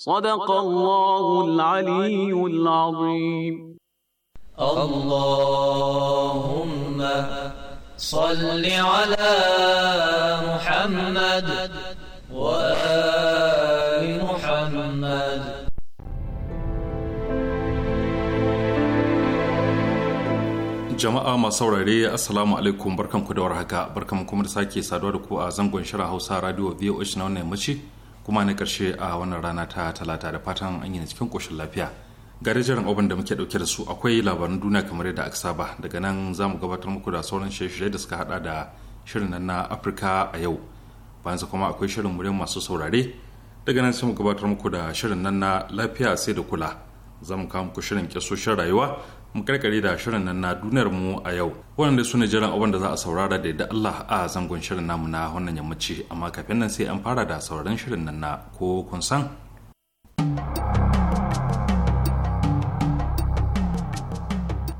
صدق الله العلي العظيم اللهم صل على محمد وآل محمد jama'a masu saurare assalamu alaikum barkanku da warhaka barkan kuma da sake saduwa da ku a zangon shirin hausa radio voh na wannan mace kuma na karshe a wannan rana ta talata da fatan an yi cikin koshin lafiya ga jiran abin da muke dauke da su akwai labaran duniya kamar yadda aka saba daga nan za mu gabatar muku da sauran shirye-shirye da suka hada da shirin nan na afirka a yau bayan sa kuma akwai shirin muryar masu saurare daga nan sai mu gabatar muku da shirin nan na lafiya sai da kula za mu kawo muku shirin kyasoshin rayuwa mu karkare da shirin nan na duniyar mu a yau waɗanda su ne jiran abin da za a saurara da yadda Allah a zangon shirin namu na wannan yammaci amma kafin nan sai an fara da sauraron shirin nan na ko kun san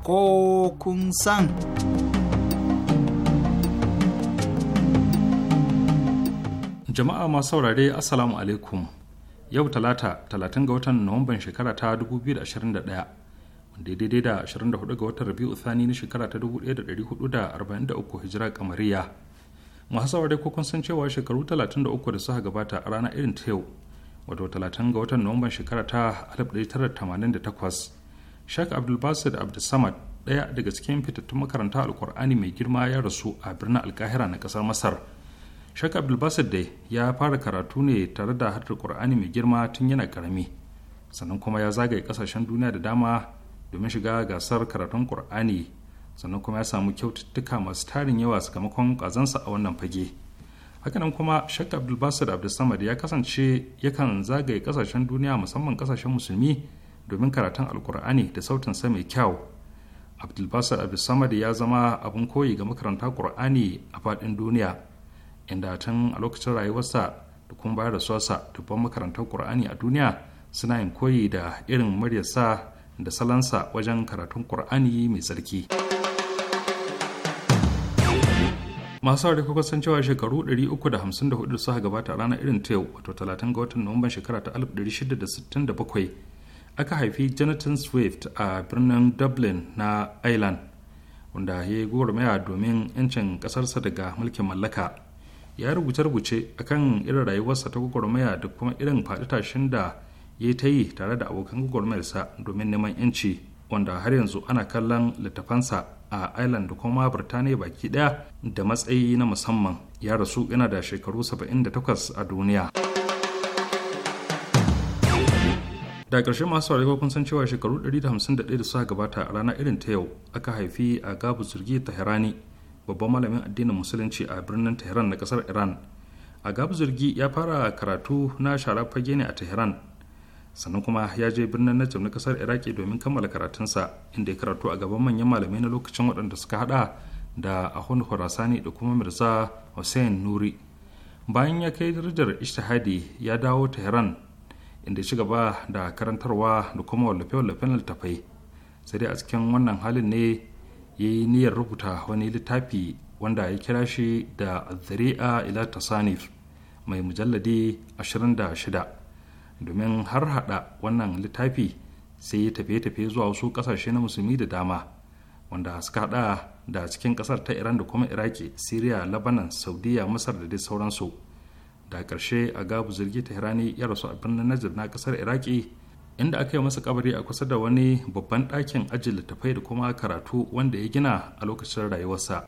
ko kun san jama'a masu saurare assalamu alaikum yau talata talatin ga watan nuwamban shekara ta ɗaya. daidai da 24 ga watan rabi'u thani na shekara ta 1443 hijira kamariya masu saurare ko kunsan san cewa shekaru 33 da suka gabata a rana irin ta yau wato 30 ga watan nuwamban shekara ta 1988 shak abdulbasir abdulsamad ɗaya daga cikin fitattun makaranta alkur'ani mai girma ya rasu a birnin alkahira na ƙasar masar shak abdulbasir dai ya fara karatu ne tare da hatar qur'ani mai girma tun yana karami sannan kuma ya zagaye ƙasashen duniya da dama domin shiga gasar karatun Kur'ani sannan kuma ya samu kyaututtuka masu tarin yawa sakamakon kazansa a wannan fage. hakanan kuma shakka abdulbasir abdulsamad ya kasance yakan zagaye kasashen duniya musamman kasashen musulmi domin karatun alkur'ani da sautin sa mai kyau abdulbasir abdulsamad ya zama abin koyi ga makaranta kur'ani a faɗin duniya inda tun a lokacin rayuwarsa da kuma bayar da suwarsa dubban makarantar kur'ani a duniya suna yin koyi da irin muryarsa da salansa wajen karatun Kur'ani mai tsarki. masu aure kuka san cewa shekaru 354 suka gabata ranar irin ta yau wato 30 ga watan nuwamban shekara ta 1667 aka haifi jonathan swift a birnin dublin na ireland wanda ya yi gwagwarmaya domin 'yancin kasarsa daga mulkin mallaka ya rubuce-rubuce akan irin rayuwarsa ta gwagwarmaya da kuma irin faɗi tashin da ya ta yi tare da abokan gwagwarmayarsa domin neman yanci wanda har yanzu ana kallon littafansa a island da kuma Birtaniya baki daya da matsayi na musamman ya rasu yana da shekaru 78 a duniya. da ƙarshe masu saurari kun san cewa shekaru 151 da suka gabata a rana irin ta yau aka haifi a gabu zurgi tahrani babban malamin addinin musulunci a birnin tehran na kasar iran a gabu zurgi ya fara karatu na shara fage ne a tehran sannan kuma ya je birnin najam na kasar iraki domin kammala karatunsa inda ya karatu a gaban manyan malamai na lokacin waɗanda suka haɗa da ahun khurasani da kuma mirza hussein nuri bayan ya kai darajar ishtihadi ya dawo tehran inda ya ci gaba da karantarwa da kuma wallafe-wallafen littafai sai dai a cikin wannan halin ne ya yi niyyar rubuta wani littafi wanda ya kira shi da zari'a ila tasanif mai mujalladi 26 domin har hada wannan littafi sai ya tafiye-tafiye zuwa wasu kasashe na musulmi da dama wanda suka hada da cikin kasar ta iran da kuma iraki syria lebanon saudiya masar da dai sauransu da ƙarshe a gabu zirgi ta hirani ya rasu a birnin najib na kasar iraki inda aka yi masa kabari a kusa da wani babban ɗakin ajiye littafai da kuma karatu wanda ya gina a lokacin rayuwarsa.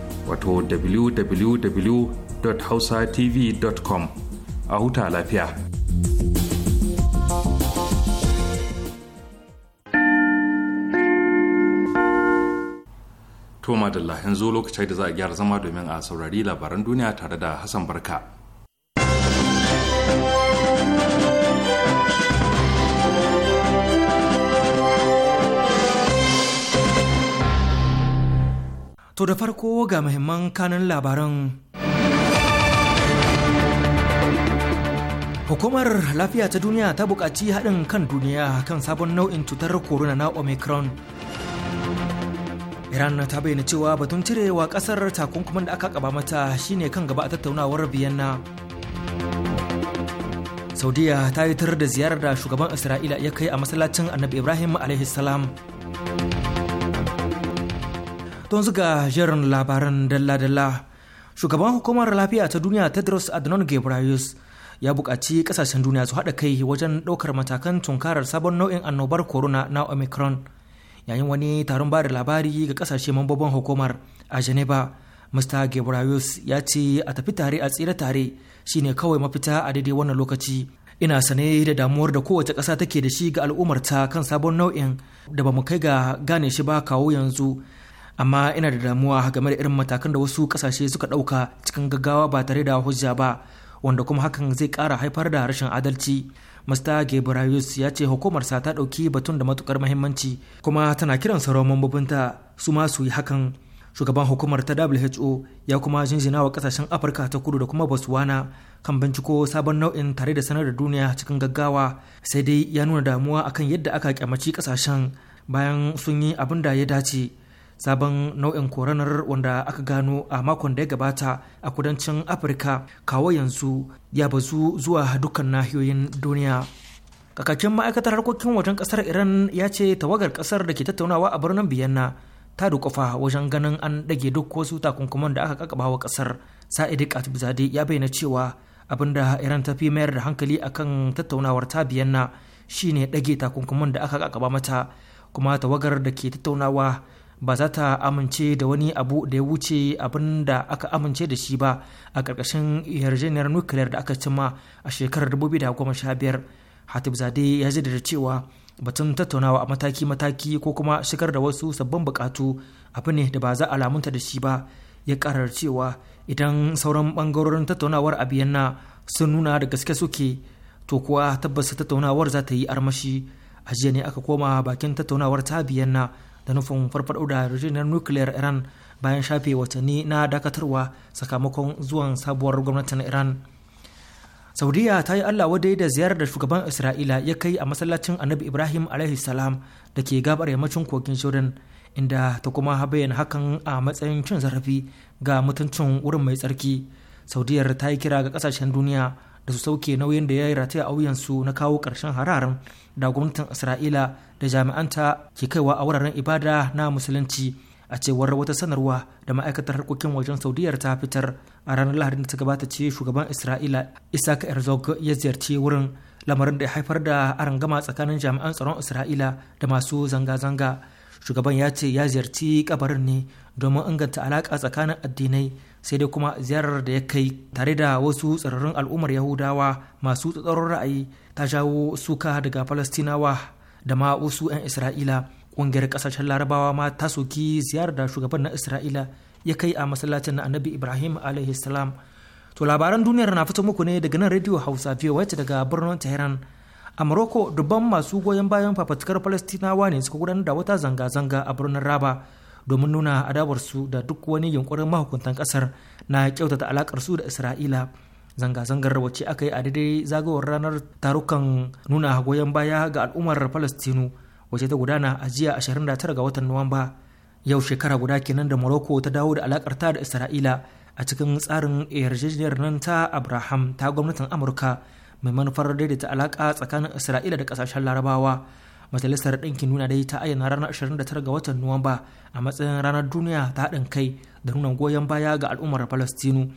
wato www.hausatv.com a huta lafiya. To madalla yanzu lokacin da za a gyara zama domin a saurari labaran duniya tare da Hassan Barka. To da farko ga mahimman kanan labaran. Hukumar lafiya ta duniya ta buƙaci haɗin kan duniya kan sabon nau'in cutar corona na Omicron. Iran ta bayyana cewa batun cirewa ƙasar takunkumin da aka kaba mata shine kan gaba a tattaunawar Vienna. Saudiya ta yi tar da ziyarar da shugaban Isra'ila ya kai a masallacin Annabi Ibrahim alaihi salam. Don zuga jerin labaran dalla-dalla shugaban hukumar lafiya ta duniya tedros adnon gebrayus ya bukaci ƙasashen duniya su haɗa kai wajen ɗaukar matakan tunkarar sabon nau'in annobar corona na omicron yayin wani taron ba da labari ga ƙasashe mambobin hukumar a geneva mr gebrayus ya ce a tafi tare a tsira tare shine kawai mafita a daidai wannan lokaci ina sane da damuwar da kowace ƙasa take da shi ga al'ummarta kan sabon nau'in da ba mu kai ga gane shi ba kawo yanzu amma ina da damuwa game da irin matakan da wasu kasashe suka ɗauka cikin gaggawa ba tare da hujja ba wanda kuma hakan zai kara haifar da rashin adalci mr gebrayus ya ce hukumarsa ta ɗauki batun da matukar mahimmanci kuma tana kiran sauran mambobinta su ma su yi hakan shugaban hukumar ta who ya kuma jinjina wa kasashen afirka ta kudu da kuma botswana kan binciko sabon nau'in tare da sanar da duniya cikin gaggawa sai dai ya nuna damuwa akan yadda aka kyamaci kasashen bayan sun yi abin da ya dace sabon nau'in koronar wanda aka gano a makon da ya gabata a kudancin afirka kawo yanzu ya bazu zuwa dukkan nahiyoyin duniya kakakin ma'aikatar harkokin wajen kasar iran ya ce tawagar kasar da ke tattaunawa a birnin biyanna ta dukufa wajen ganin an dage duk wasu takunkuman da aka kakaba wa kasar sa'idi katibzade ya bayyana cewa abinda iran ta fi mayar da hankali akan tattaunawar ta biyanna shine dage takunkuman da aka kakaba mata kuma tawagar da ke tattaunawa ba za ta amince da wani abu da ya wuce abin da aka amince da shi ba a ƙarƙashin yarjejeniyar nukiliyar da aka cimma a shekarar 2015 hatib zade ya da cewa batun tattaunawa a mataki-mataki ko kuma shigar da wasu sabbin bukatu abu ne da ba za a da shi ba ya karar cewa idan sauran bangarorin tattaunawar a biyanna sun nuna da gaske suke to kuwa tabbas tattaunawar za ta yi armashi a jiya ne aka koma bakin tattaunawar ta biyanna da nufin farfaɗo da yarjejeniyar nukiliyar iran bayan shafe watanni na dakatarwa sakamakon zuwan sabuwar gwamnatin iran saudiya ta yi allah wadai da ziyarar da shugaban isra'ila ya kai a masallacin annabi ibrahim alaihi salam da ke gabar yammacin kogin shirin inda ta kuma bayyana hakan a matsayin cin zarafi ga mutuncin wurin mai tsarki saudiyar ta yi kira ga kasashen duniya da su sauke nauyin da ya yi rataya a wuyansu na kawo ƙarshen hararin da gwamnatin isra'ila da jami'anta ke kaiwa a wuraren ibada na musulunci a cewar wata sanarwa da ma'aikatar harkokin wajen saudiyar ta fitar a ranar lahadin da ta gabata ce shugaban isra'ila isaac herzog ya ziyarci wurin lamarin da ya haifar da arangama tsakanin jami'an tsaron isra'ila da masu zanga-zanga shugaban ya ce ya ziyarci kabarin ne domin inganta alaka tsakanin addinai sai dai kuma ziyarar da ya kai tare da wasu tsararrun al'ummar yahudawa masu tsatsauran ra'ayi ta jawo suka daga falastinawa da ma wasu 'yan isra'ila ƙungiyar ƙasashen larabawa ma ta soki ziyarar da shugaban na isra'ila ya kai a masallacin na annabi ibrahim alaihi salam to labaran duniyar na fito muku ne daga nan radio hausa fiye wacce daga birnin tehran a morocco dubban masu goyon bayan fafatukar palestinawa ne suka gudanar da wata zanga-zanga a birnin raba domin nuna adawarsu da duk wani yunkurin mahukuntan kasar na kyautata alakar su da isra'ila zanga-zangar wacce aka yi a daidai zagawar ranar tarukan nuna goyon baya ga al'ummar palestinu wace ta gudana a jiya 29 ga watan nuwamba yau shekara guda kenan da morocco ta dawo da alakarta da isra'ila a cikin tsarin yarjejeniyar nan ta abraham ta gwamnatin amurka mai manufar daidaita alaka tsakanin isra'ila da kasashen larabawa majalisar ɗinkin nuna dai ta ayyana ranar 29 ga watan nuwamba a matsayin ranar duniya ta haɗin kai da nuna goyon baya ga al'ummar palestinu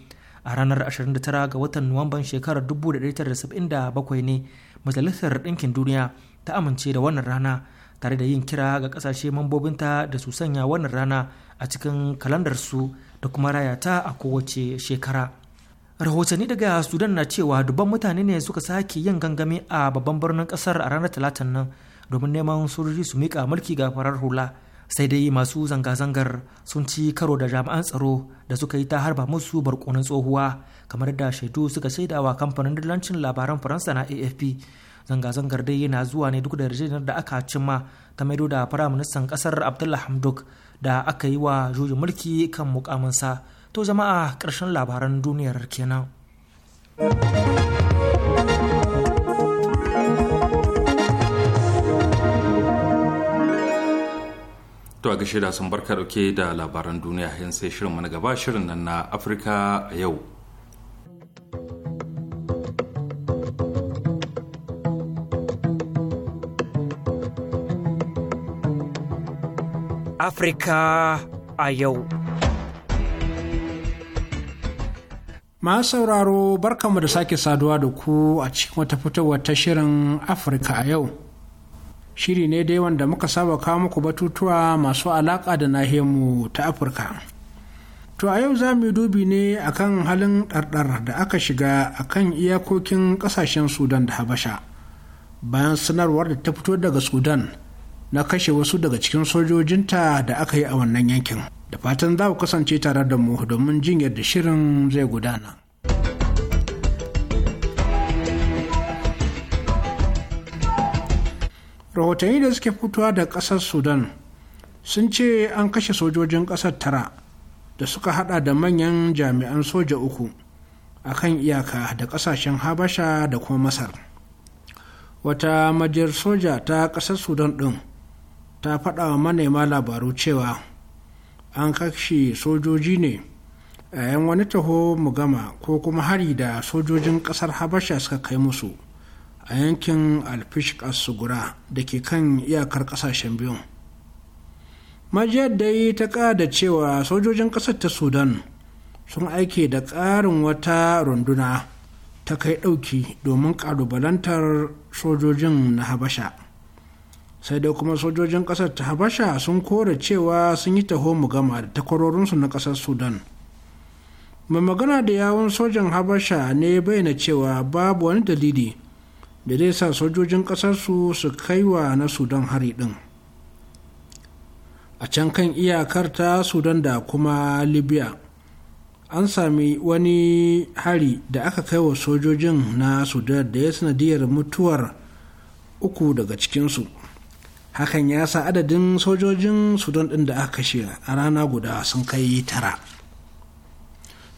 a ranar 29 ga watan nuwamban shekarar 1977 ne majalisar ɗinkin duniya ta amince da wannan rana tare da yin kira ga ƙasashe mambobinta da su sanya wannan rana a cikin kalandarsu da kuma raya ta a kowace shekara rahotanni daga sudan na cewa dubban mutane ne suka sake yin gangami a babban birnin kasar a ranar talatin nan domin neman sojoji su miƙa mulki ga farar hula sai dai masu zanga-zangar sun ci karo da jami'an tsaro da suka yi ta harba musu barkonin tsohuwa kamar da shaidu suka shaidawa kamfanin dillancin labaran faransa na afp zanga-zangar dai yana zuwa ne duk da yarjejeniyar da aka cimma ta maido da firaministan kasar abdullah hamduk da aka yi wa juyin mulki kan mukaminsa to jama'a ƙarshen labaran duniyar kenan. To a gashe da sun barka dauke da labaran duniya yan sai shirin mana gaba shirin nan na Afirka a yau. Afirka a yau. Masu sauraro barkanmu da sake saduwa da ku a cikin wata fitowar ta shirin Afirka a yau. shiri ne dai wanda muka saba kawo muku batutuwa masu alaƙa da nahiyarmu ta afirka to a yau za mu dubi ne akan halin ɗarɗar da aka shiga akan iyakokin ƙasashen sudan da habasha bayan sanarwar da ta fito daga sudan na kashe wasu daga cikin sojojinta da aka yi a wannan yankin da fatan za ku kasance tare da mu domin jin yadda shirin zai gudana rahotanni da suke fitowa da ƙasar sudan sun ce an kashe sojojin ƙasar tara da suka hada da manyan jami'an soja uku a kan iyaka da ƙasashen habasha da kuma masar wata majiyar soja ta ƙasar sudan ɗin ta faɗa wa manema labaru cewa an kashe sojoji ne a yan wani taho mu gama ko kuma hari da sojojin ƙasar habasha suka kai musu a yankin alfish asugura da ke kan iyakar kasashen biyu majiyar da yi ta kada cewa sojojin kasar ta sudan sun aike da ƙarin wata runduna ta kai ɗauki domin ƙalubalantar sojojin na habasha sai dai kuma sojojin kasar ta habasha sun kore cewa sun yi taho mu gama da takwarorinsu na kasar sudan mai magana da yawon sojan habasha ne bayyana cewa babu wani dalili da zai sa sojojin ƙasarsu su kai wa na sudan hari ɗin a can kan iyakar ta sudan da kuma libya an sami wani hari da aka kai wa sojojin na sudan da ya sanadiyar mutuwar uku daga cikinsu hakan ya sa adadin sojojin sudan ɗin da aka kashe a rana guda sun kai tara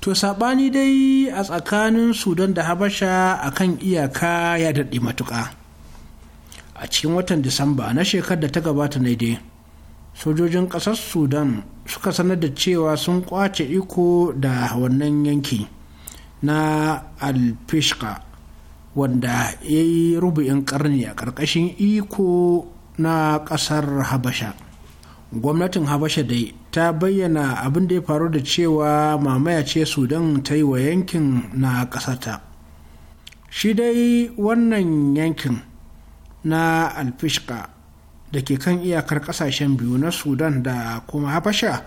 to saɓani dai a tsakanin sudan da habasha a kan iyaka ya daɗe matuƙa a cikin watan disamba na shekarar da ta gabata ne dai sojojin ƙasar sudan suka sanar da cewa sun ƙwace iko da wannan yanki na alfishka wanda ya yi rubu'in ƙarni a ƙarƙashin iko na ƙasar habasha gwamnatin habasha dai ta bayyana abin da ya faru da cewa mamaya ce sudan ta yi wa yankin na ƙasarta shi dai wannan yankin na alfishka da ke kan iyakar ƙasashen biyu na sudan da kuma habasha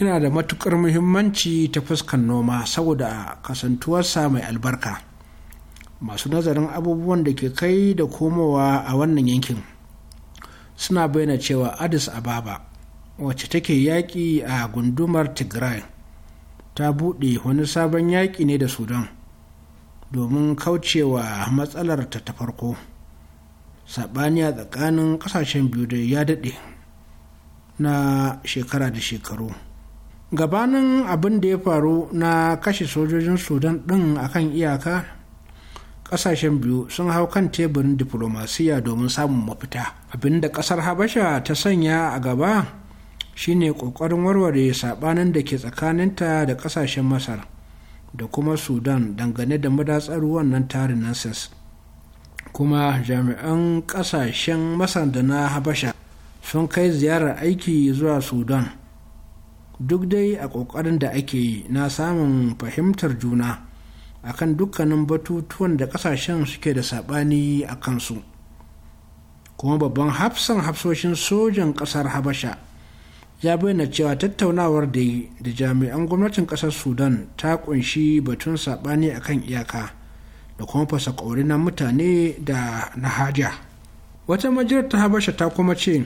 yana da matukar muhimmanci ta fuskan noma saboda kasantuwarsa mai albarka masu nazarin abubuwan da ke kai da komowa a wannan yankin suna bayyana cewa addis ababa wacce take yaƙi a gundumar tigray ta buɗe wani sabon yaƙi ne da sudan domin kaucewa matsalar ta ta farko saɓaniya tsakanin ƙasashen biyu da ya daɗe na shekara da shekaru gabanin abin da ya faru na kashe sojojin sudan ɗin akan iyaka ƙasashen biyu sun hau kan teburin diplomasiya domin samun mafita abinda ƙasar habasha ta sanya a gaba shine ƙoƙarin warware saɓanin da ke tsakaninta da ƙasashen masar da kuma sudan dangane da madatsar wannan tarin nansens kuma jami'an ƙasashen masar da na habasha sun kai ziyarar aiki zuwa sudan duk dai a ƙoƙarin da ake yi na samun fahimtar juna akan dukkanin batutuwan da ƙasashen suke da saɓani a kansu kuma babban hafsan hafsoshin sojan ƙasar habasha ya bayyana cewa tattaunawar da yi da jami'an gwamnatin kasar sudan ta kunshi batun saɓani akan iyaka da kuma fasa ƙauri na mutane da na haja wata majiyar ta habasha ta kuma ce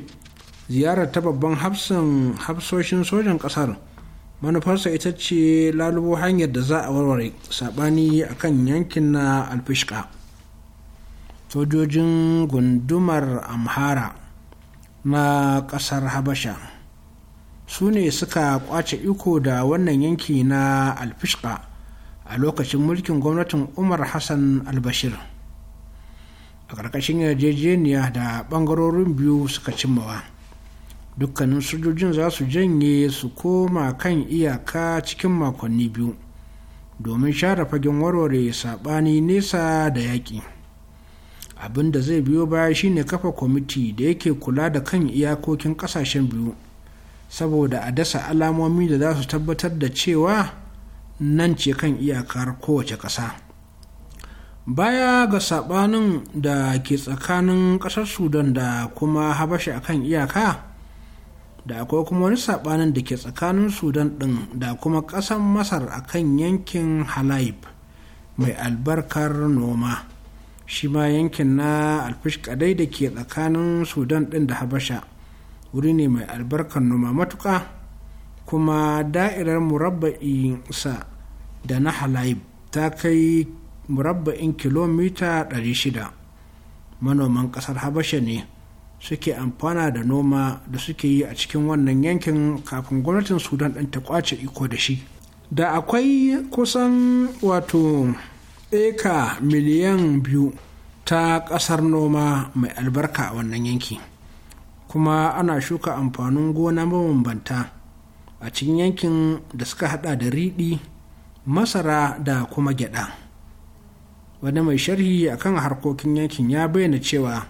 ziyarar ta babban hafsan hafsoshin sojan ƙasar manufarsa ita ce lalubo hanyar da za a warware saɓani akan yankin na alfishka sojojin gundumar amhara na ƙasar habasha su ne suka kwace iko da wannan yanki na alfishka a lokacin mulkin gwamnatin umar hassan albashir a ƙarƙashin yarjejeniya da ɓangarorin biyu suka cimmawa dukkanin sojojin za su janye su koma kan iyaka cikin makonni biyu domin share fagen warware saɓani nesa da yaƙi abin da zai biyo baya shine kafa kwamiti da yake kula da kan iyakokin ƙasashen biyu saboda a dasa alamomi da za su tabbatar da cewa nan ce kan iyakar kowace ƙasa baya ga saɓanin da ke tsakanin ƙasar sudan da kuma habasha kan iyaka da akwai kuma wani saɓanin da ke tsakanin sudan ɗin da kuma ƙasar masar a kan yankin halayib mai albarkar noma shi ma yankin na alfish kadai da ke tsakanin sudan ɗin da habasha wuri ne mai albarkar noma matuƙa kuma da'irar murabba'in sa da na halayib ta kai murabba'in kilomita 600 manoman ƙasar habasha ne suke amfana da noma da suke yi a cikin wannan yankin kafin gwamnatin sudan ɗin ta kwace iko da shi da akwai kusan wato eka miliyan biyu ta ƙasar noma mai albarka a wannan yanki kuma ana shuka amfanin gona mabambanta a cikin yankin da suka hada da riɗi masara da kuma gyada wani mai sharhi akan harkokin yankin ya bayyana cewa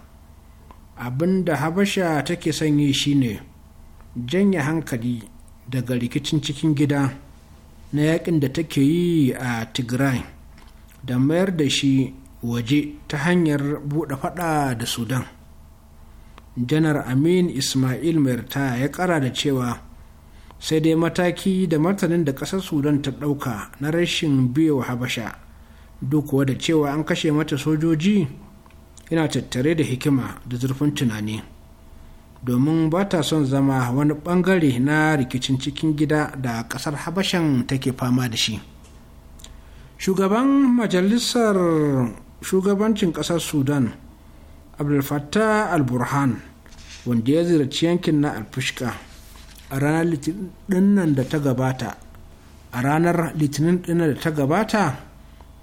abin da habasha take shi shine janye hankali daga rikicin cikin gida na yakin da take yi a tigray da mayar da shi waje ta hanyar buɗe fada da sudan janar amin ismail merta ya kara da cewa sai dai mataki da martanin da ƙasar sudan ta ɗauka na rashin biyo habasha duk da cewa an kashe mata sojoji yana tattare da hikima da zurfin tunani domin ba ta son zama wani bangare na rikicin cikin gida da kasar habashan take fama da shi shugaban majalisar shugabancin kasar sudan abdulfatta al-burhan wanda ya ziyarci yankin na alfushka a ranar litinin da ta gabata a ranar litinin ɗin da ta gabata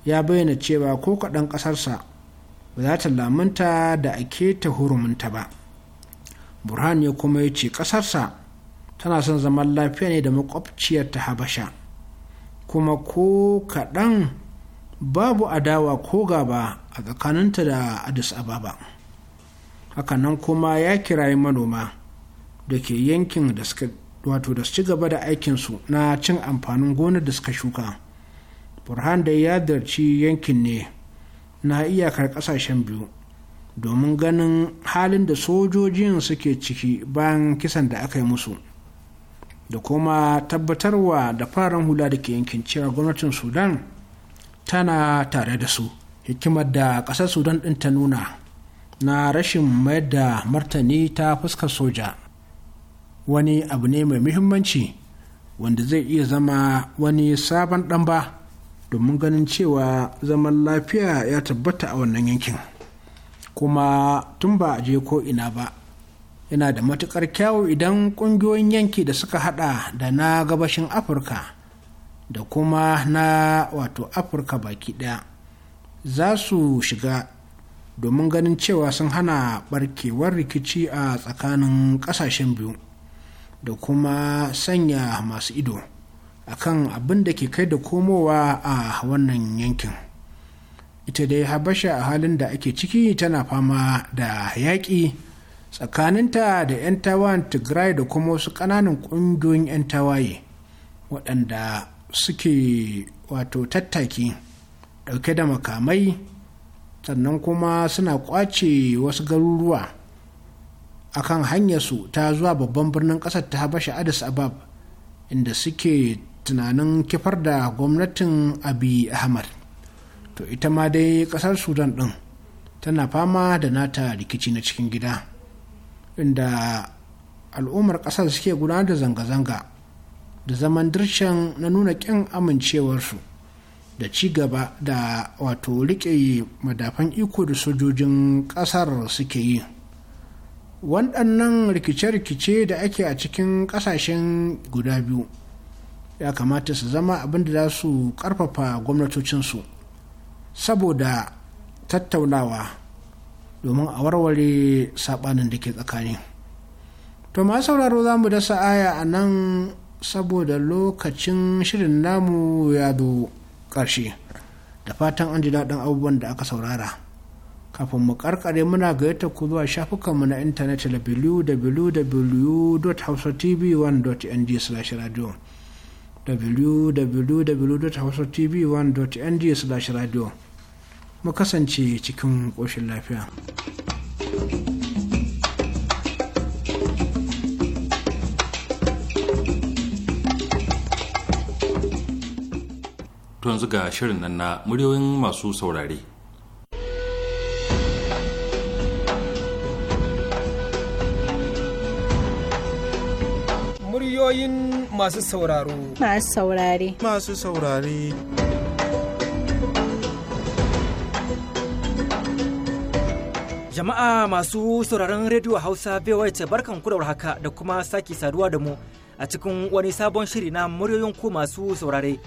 ya bayyana cewa ko kaɗan ƙasarsa ba za ta lamunta da ake ta hurumunta ba burhan ya kuma ya ce ƙasarsa tana son zaman lafiya ne da makwabciyar ta habasha kuma ko kaɗan babu adawa ko gaba a tsakaninta da addis ababa hakanan kuma ya kirayi manoma da ke yankin da suka wato da su ci gaba da aikinsu na cin amfanin gonar da suka shuka burhan da ya darci yankin ne na iyakar kasashen biyu domin ganin halin da sojojin suke ciki bayan kisan da aka yi musu da kuma tabbatarwa da faran hula da ke yankin cewa gwamnatin sudan tana tare da su hikimar da ƙasar sudan ɗin ta nuna na rashin mayar da martani ta fuskar soja wani abu ne mai muhimmanci wanda zai iya zama wani sabon ɗanba domin ganin cewa zaman lafiya ya tabbata a wannan yankin kuma tun ba a je ko ina ba yana da matukar kyawu idan ƙungiyoyin yanki da suka hada da na gabashin afirka da kuma na wato afirka baki ɗaya za su shiga domin ganin cewa sun hana barkewar rikici a tsakanin ƙasashen biyu da kuma sanya masu ido a kan abin da ke kai da komowa a wannan yankin ita dai habasha a halin da ake ciki tana fama da yaƙi tsakaninta da 'yan tawayen tigray da kuma wasu ƙananan ƙungiyoyin 'yan tawaye waɗanda suke wato tattaki ɗauke da makamai sannan kuma suna kwace wasu garuruwa akan hanyarsu ta zuwa babban birnin ƙasar ta habasha addis abab inda suke tunanin kifar da gwamnatin abi ahmad to ita ma dai ƙasar sudan ɗin tana fama da nata rikici na cikin gida inda al'ummar ƙasar suke gudanar da zanga-zanga da zaman dirshan na nuna ƙin amincewarsu da ci gaba da wato rike madafan iko da sojojin ƙasar suke yi waɗannan rikice-rikice da ake a cikin ƙasashen guda biyu ya kamata su zama abin da za su ƙarfafa gwamnatocinsu saboda tattaunawa domin a warware saɓanin da ke tsakani to ma sauraro za mu dasa aya a nan saboda lokacin shirin namu ya zo ƙarshe da fatan an ji daɗin abubuwan da aka saurara kafin mu karkare muna gayyata ku zuwa shafukanmu na intanet da www.hausatv1.ng slash radio www.hausatv1.ng slash radio mu kasance cikin ƙoshin lafiya. to yanzu ga shirin nan na muryoyin masu saurare. Muryoyin masu sauraro. Masu saurare. Masu saurare. Jama'a masu sauraron rediyo Hausa VOH barkan kudawar haka da kuma sake saduwa da mu a cikin wani sabon shiri na muryoyin ku masu saurare.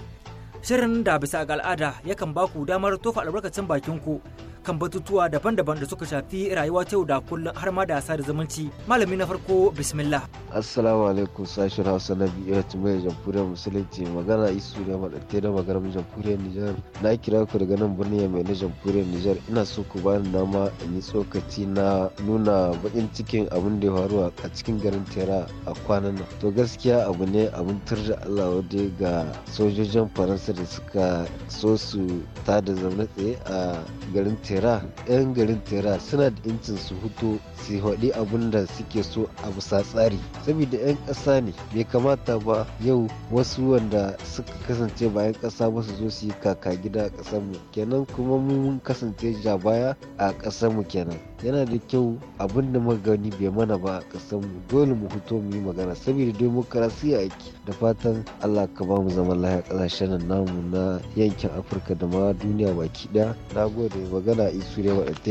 Shirin da bisa ga al'ada yakan baku damar tofa albarkacin bakin ku kan batutuwa daban-daban da suka shafi rayuwa ta yau da kullum har ma da sada zumunci malami na farko bismillah assalamu alaikum sashen hausa na biyu mai jamhuriyar musulunci magana isu ne maɗaɗe da mai jamhuriyar nijar na kira ku daga nan birnin mai na jamhuriyar nijar ina so ku ba ni dama in yi tsokaci na nuna baƙin cikin abin da ya faru a cikin garin tera a kwanan nan to gaskiya abu ne abin tur allah wadda ga sojojin faransa da suka so su tada zaune tsaye a garin tera tera yan garin tera suna da incin su hutu su haɗi abin da suke so a bisa tsari saboda yan ƙasa ne bai kamata ba yau wasu wanda suka kasance ba yan ƙasa ba su zo su yi kaka gida a ƙasar mu kenan kuma mun kasance ja baya a ƙasar mu kenan yana da kyau abin da muka gani bai mana ba a ƙasar mu dole mu fito mu yi magana saboda demokarasiya ake da fatan Allah ka ba mu zaman lafiya ƙasashen namu na yankin Afirka da ma duniya baki ɗaya na gode magana magana isu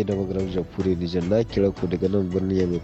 da magaram Nijar na kira ku daga nan birnin Yamai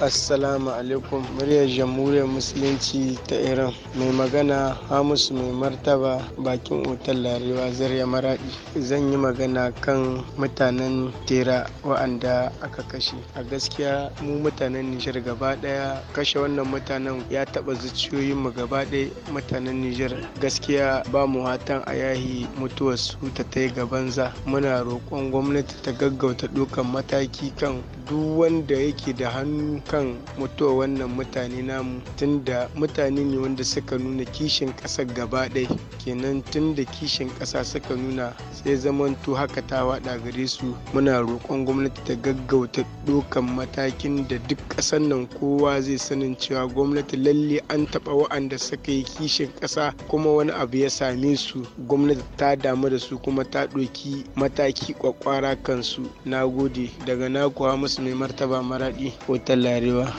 Assalamu alaikum muryar jamhuriyar musulunci ta Iran mai magana Hamus mai martaba bakin otal Larewa Zarya Maraɗi zan yi magana kan mutanen tera wa'anda aka kashe a gaskiya mu mutanen Nijar gaba daya kashe wannan mutanen ya taba zuciyoyin mu gaba daya mutanen Nijar gaskiya ba mu hatan a yahi mutuwar su ta ta gabanza muna roƙon gwamnati gwamnati ta gaggauta ɗaukan mataki kan duk wanda yake da hannu kan mutuwa wannan mutane namu tunda mutane ne wanda suka nuna kishin ƙasa gaba ɗai kenan tunda kishin ƙasa suka nuna sai zamanto haka ta waɗa gare su muna roƙon gwamnati ta gaggauta ɗaukan matakin da duk kasan nan kowa zai sanin cewa gwamnati lalle an taɓa wa'anda suka yi kishin ƙasa kuma wani abu ya same su gwamnati ta damu da su kuma ta ɗauki mataki ƙwaƙwa fara kansu na gode daga na kuwa musu mai martaba maraɗi hotel larewa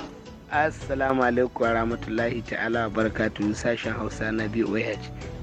assalamu alaikum wa rahmatullahi ta'ala barakatu sashen hausa na boh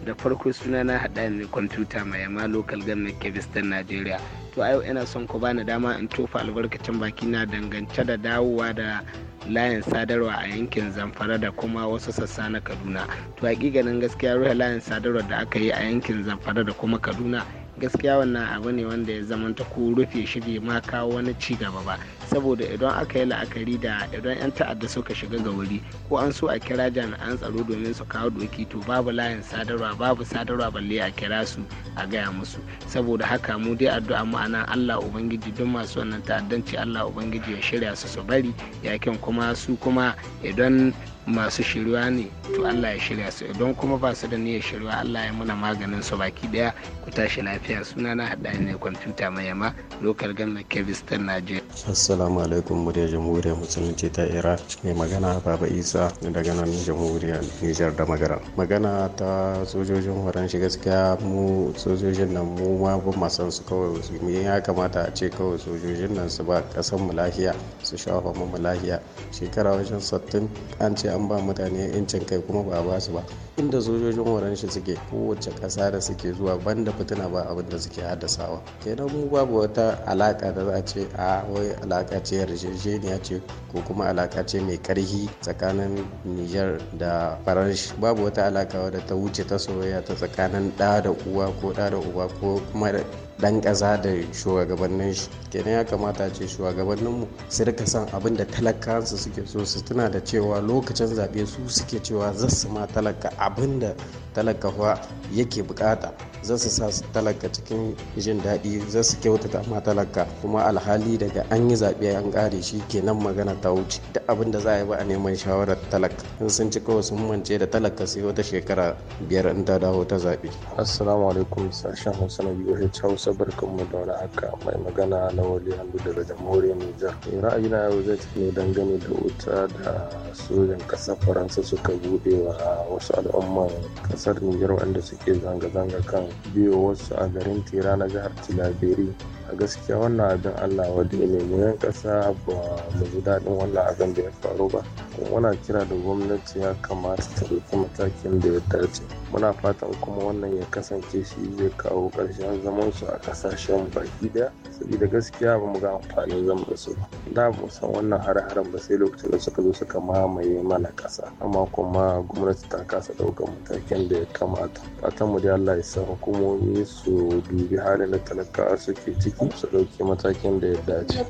da farko suna na haɗa mai kwamfuta mai yamma local government kebistan nigeria to a yau ina son ku bani dama in tofa albarkacin baki na dangance da dawowa da layin sadarwa a yankin zamfara da kuma wasu sassa na kaduna to ganin gaskiya ruwa layin sadarwa da aka yi a yankin zamfara da kuma kaduna gaskiya wannan abu ne wanda ya zamanta ko rufe shi bai ma kawo wani ci gaba ba saboda idan aka yi la'akari da idan 'yan ta'adda suka shiga ga wuri ko an so a kira jami'an tsaro domin su kawo doki to babu layin sadarwa babu sadarwa balle a kira su a gaya musu saboda haka mu dai addu'a mu anan Allah ubangiji duk masu wannan ta'addanci Allah ubangiji ya shirya su su bari yakin kuma su kuma idan masu shirya ne to Allah ya shirya su don kuma ba su da niyyar shirya Allah ya muna maganin su baki daya ku tashi lafiya suna na hada ne kwamfuta mai yama lokal gana kevistan Najeriya. Assalamu alaikum muryar jamhuriyar musulunci ta ira mai magana Baba Isa daga nan jamhuriyar Nijar da Magara. Magana ta sojojin Faranshi gaskiya mu sojojin nan mu ma ba masan su kawai ya kamata a ce kawai sojojin nan su ba kasan mu lafiya su shafa mu lahiya shekara wajen sattin an ce an ba mutane yancin kai kuma ba a ba su ba inda sojojin waran shi suke kowace ƙasa da suke zuwa banda fitina ba abin da suke haddasawa kenan mu babu wata alaka da za a ce a wai alaka ce yarjejeniya ce ko kuma alaka ce mai karhi tsakanin niger da faransh babu wata alaka wadda ta wuce ta soyayya ta tsakanin ɗa da uwa ko ɗa da uba ko kuma dan kaza da shugabannin shi kenan ya kamata ce shugabannin mu su rika san abin da talakansu suke so su tuna da cewa lokacin zaɓe su suke cewa zasu ma talaka abin da talakawa fa yake bukata za su sa talaka cikin jin daɗi za su kyautata ma talaka kuma alhali daga an yi zaɓe an ƙare shi kenan magana ta wuce duk abin da za a yi ba a neman shawarar talaka in sun ci kawai sun mance da talaka sai wata shekara biyar in ta dawo ta zaɓe. assalamu alaikum sashen hausa na biyu hausa barkan mu da wani haka mai magana na wali handu daga jamhuriyar nijar eh, ra'ayina yau zai tafi ne dangane da wuta da sojan ƙasar faransa suka buɗe wa wasu al'umman ƙasar nijar waɗanda suke zanga-zanga kan biyo wasu a garin tira na jihar tilaberi a gaskiya wannan abin allah wadai ne mu yan ƙasa ba mu ji daɗin wannan abin da ya faru ba muna kira da gwamnati ya kamata ta ɗauki matakin da ya dace muna fatan kuma wannan ya kasance shi zai kawo ƙarshen zaman su a ƙasashen baki daya saboda gaskiya ba mu ga amfanin zaman su da ba san wannan har-haren ba sai lokacin da suka zo suka mamaye mana ƙasa amma kuma gwamnati ta kasa ɗaukar matakin da ya kamata fatan mu da Allah ya sa hukumomi su dubi halin da talakawa suke ciki su ɗauki matakin da ya dace.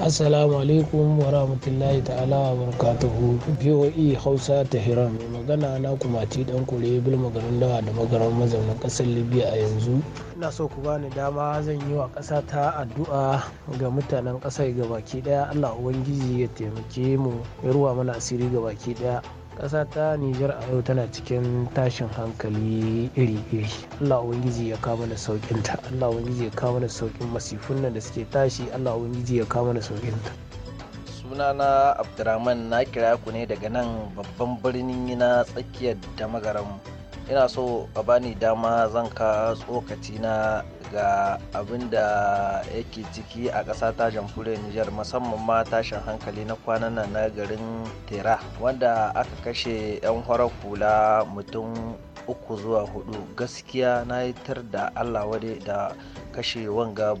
assalamu alaikum wa rahmatullahi ta'ala wa barakatuhu boe hausa tehran mai magana na kumaci dan kore bilma garin dawa da magaran mazaunin kasar libya a yanzu ina so ku bani dama zan yi wa ƙasa ta addu'a ga mutanen ƙasar gabaki daya allah ubangiji ya taimake mu ya ruwa mana asiri gabaki daya ƙasa ta nijar a yau tana cikin tashin hankali iri-iri allah ubangiji ya kawo mana saukin ta allah ubangiji ya kawo mana saukin masifun nan da suke tashi allah ubangiji ya kawo mana saukin ta sunana abdurrahman na kira ku ne daga nan babban birnin yana tsakiyar da magaram ina so a bani dama zan ka tsokaci na ga abin da yake ciki a ƙasa ta jamhuriyar Nijar musamman ma tashin hankali na kwanan nan na garin Tera wanda aka kashe 'yan horar hula mutum uku zuwa hudu gaskiya na yitar da Allah wade da kashe wanga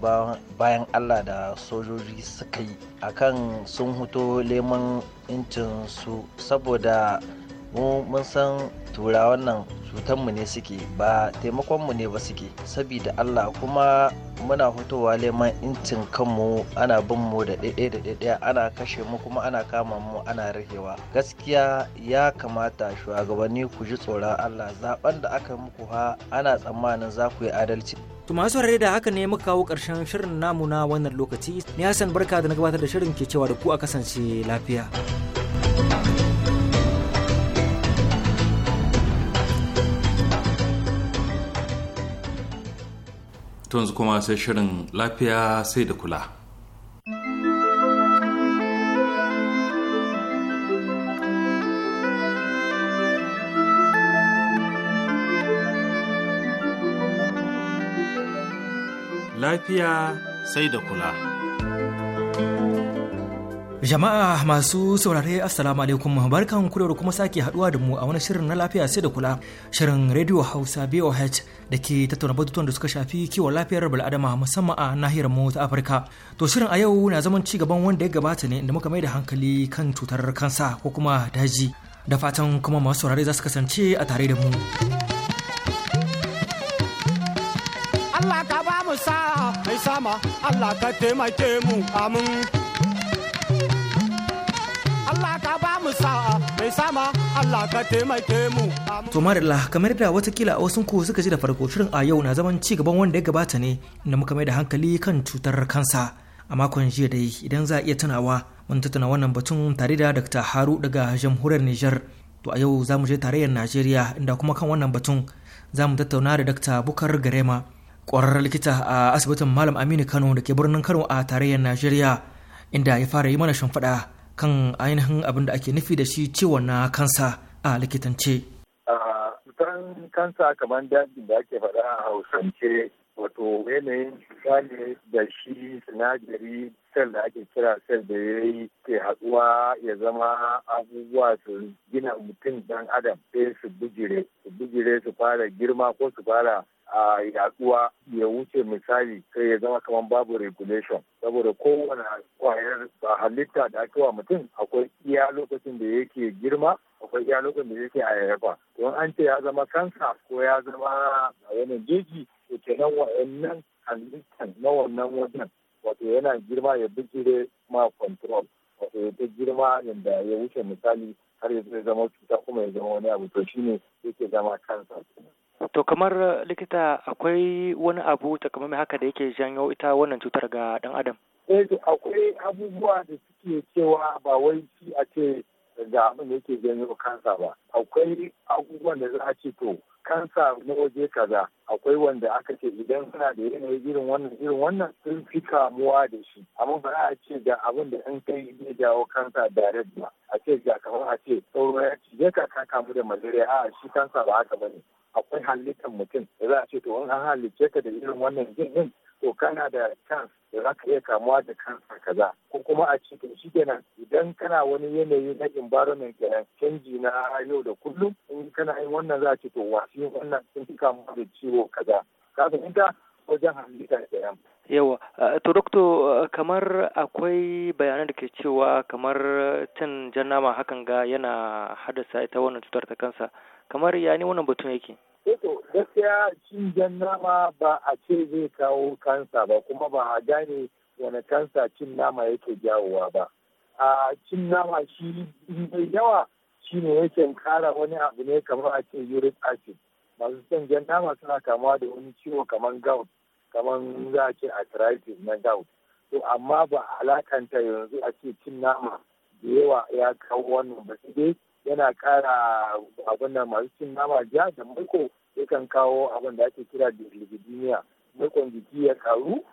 bayan Allah da sojoji suka yi akan sun huto leman su saboda mu mun san turawan nan mu ne suke ba taimakon mu ne ba suke sabida allah kuma muna fitowa neman incin kanmu ana bin mu da ɗaiɗai da ɗaiɗai ana kashe mu kuma ana kama mu ana rahewa gaskiya ya kamata shugabanni ku ji tsoron allah zaben da aka muku ha ana tsammanin za ku yi adalci To masu rarrai da haka ne muka kawo karshen shirin namu na wannan lokaci. Ni Hassan Barka da na gabatar da shirin ke cewa da ku a kasance lafiya. to yanzu kuma sai shirin lafiya sai da kula lafiya sai da kula Jama'a masu saurare Assalamu alaikum barkan ku da kuma sake haduwa da mu a wani shirin na lafiya sai da kula shirin Radio Hausa BOH da ke tattauna batutuwan da suka shafi kiwon lafiyar bal'adama musamman a nahiyar mu ta Afirka. To shirin a yau na zaman ci gaban wanda ya gabata ne da muka mai da hankali kan cutar kansa ko kuma daji. Da fatan kuma masu saurare za su kasance a tare da mu. Allah ka ba mu sa mai sama Allah ka taimake mu amin. mu sa'a mai sama Allah ka taimake mu. To Marilla kamar da watakila a wasu ku suka ji da farko shirin a yau na zaman ci gaban wanda ya gabata ne inda muka mai da hankali kan cutar kansa a makon jiya da idan za a iya tunawa mun tattauna wannan batun tare da Dr. Haru daga jamhuriyar Nijar. To a yau za mu je tarayyar Najeriya inda kuma kan wannan batun za mu tattauna da Dr. Bukar Garema ƙwararren likita a asibitin Malam Aminu Kano da ke birnin Kano a tarayyar Najeriya inda ya fara yi mana shimfiɗa kan ainihin abin da ake nufi da shi ciwo na kansa a likitance. Ah, cutar kansa kamar dajin da ake faɗa a hausance wato yanayin gane da shi sinadari sel da ake kira sel da ya yi ke haɗuwa ya zama abubuwa su gina mutum dan adam sai su bijire su bijire su fara girma ko su fara a yaduwa ya wuce misali sai ya zama kamar babu regulation saboda kowane kwayar halitta da ake wa mutum akwai iya lokacin da yake girma akwai iya lokacin da yake a yayyafa don an ce ya zama kansa ko ya zama wani jeji wato kenan wa'annan halittar na wannan wajen wato yana girma ya bijire ma control wato ya ta girma yadda ya wuce misali har ya zama cuta kuma ya zama wani abu to shine yake zama kansa to kamar uh, likita akwai wani abu mai haka da yake janyo ita wannan cutar ga dan adam eh akwai abubuwa da suke cewa ba wai shi a ce ga abin da yake janyo kansa ba akwai abubuwan da za a ce to kansa na waje kaza akwai wanda aka ce idan suna da yanayi irin wannan irin wannan sun fi kamuwa da shi amma ba a ce da abin da in kai zai jawo kansa direct ba a ce ga kamar a ce sauro ya ce ka ka kamu da malaria a shi kansa ba haka bane akwai halittar mutum da za a ce to in an halicce ka da irin wannan jin din to kana da chance da za ka iya kamuwa da kansa kaza ko kuma a ce shi kenan idan kana wani yanayi na environment kenan canji na yau da kullum in kana yin wannan za a ce to wasu wannan sun fi kamuwa da ciwo kaza ka fahimta wajen halitta kenan yawa eh, to doktor eh, kamar akwai bayanan da ke cewa kamar cin jan nama hakan ga yana haddasa ita wannan cutar ta kansa kamar ya ne wannan batun yake eh to gaskiya cin jan nama ba a ce zai kawo kansa ba kuma ba a gane wani kansa cin nama yake jawowa ba a cin nama shi mai yawa shi ne yake kara wani abu ne kamar a ce uric acid masu cin jan nama suna kamuwa da wani ciwo kamar gout kamar za a ce arthritis na gout to amma ba alakanta yanzu a ce cin nama da yawa ya kawo wannan ba sai dai yana ƙara abin nan masu cin nama ja da maiko yakan kawo abin da ake kira da lipidemia maikon jiki ya karu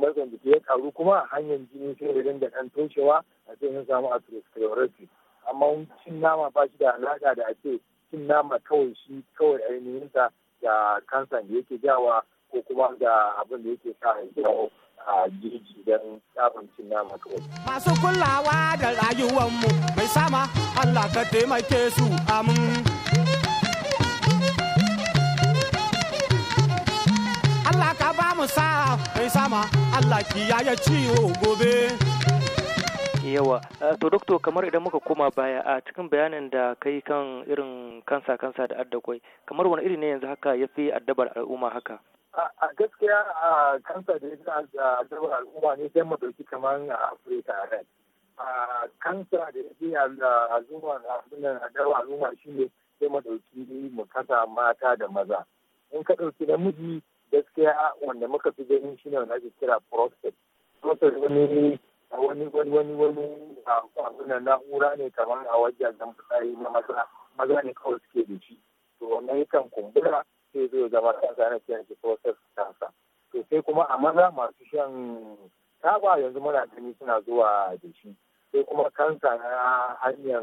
maikon jiki ya karu kuma hanyar jini sai da dinga ɗan toshewa a sai sun samu atherosclerosis amma cin nama ba shi da alaƙa da a cin nama kawai shi kawai ainihinsa da kansa da yake jawa ko kuma da abin da yake sa jawo a jeji don abincin nama kawai. Masu kulawa da rayuwanmu mai sama Allah ka taimake su amin. Allah ka ba mu sa mai sama Allah kiyaye ciwo gobe. yawa eh, to dokto kamar idan muka koma baya a cikin bayanin da yi kan irin kansa kansa da addakwai kamar wani iri ne yanzu haka ya fi addabar al'umma haka a gaskiya a kansa da yake a zarbar al'umma ne sai madauki kamar a afirka red kansa da ya al'umma a zarbar al'umma shi ne sai madauki mu kasa mata da maza in ka ɗauki namiji gaskiya wanda muka fi ganin shi ne wanda ake kira prostate prostate wani wani wani wani wani abin na'ura ne kamar a wajen fitsari na maza maza ne kawai suke da shi to wannan yakan kumbura sai zai zama kansa ana kiran shi prostate to sai kuma a maza masu shan taba yanzu muna gani suna zuwa da shi sai kuma kansa na hanyar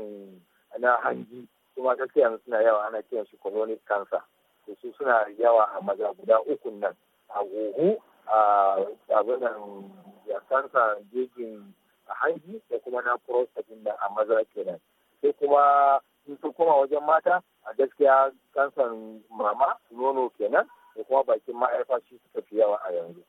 na hanji kuma ta yanzu suna yawa ana kiran shi colonic cancer to su suna yawa a maza guda uku nan a huhu a abinan ya kansa jejin a hanji da kuma na prostate da a maza kenan sai kuma sun koma wajen mata a gaskiya kansan mama nono kenan da kuma bakin ma'aifa shi suka fi yawa a yanzu.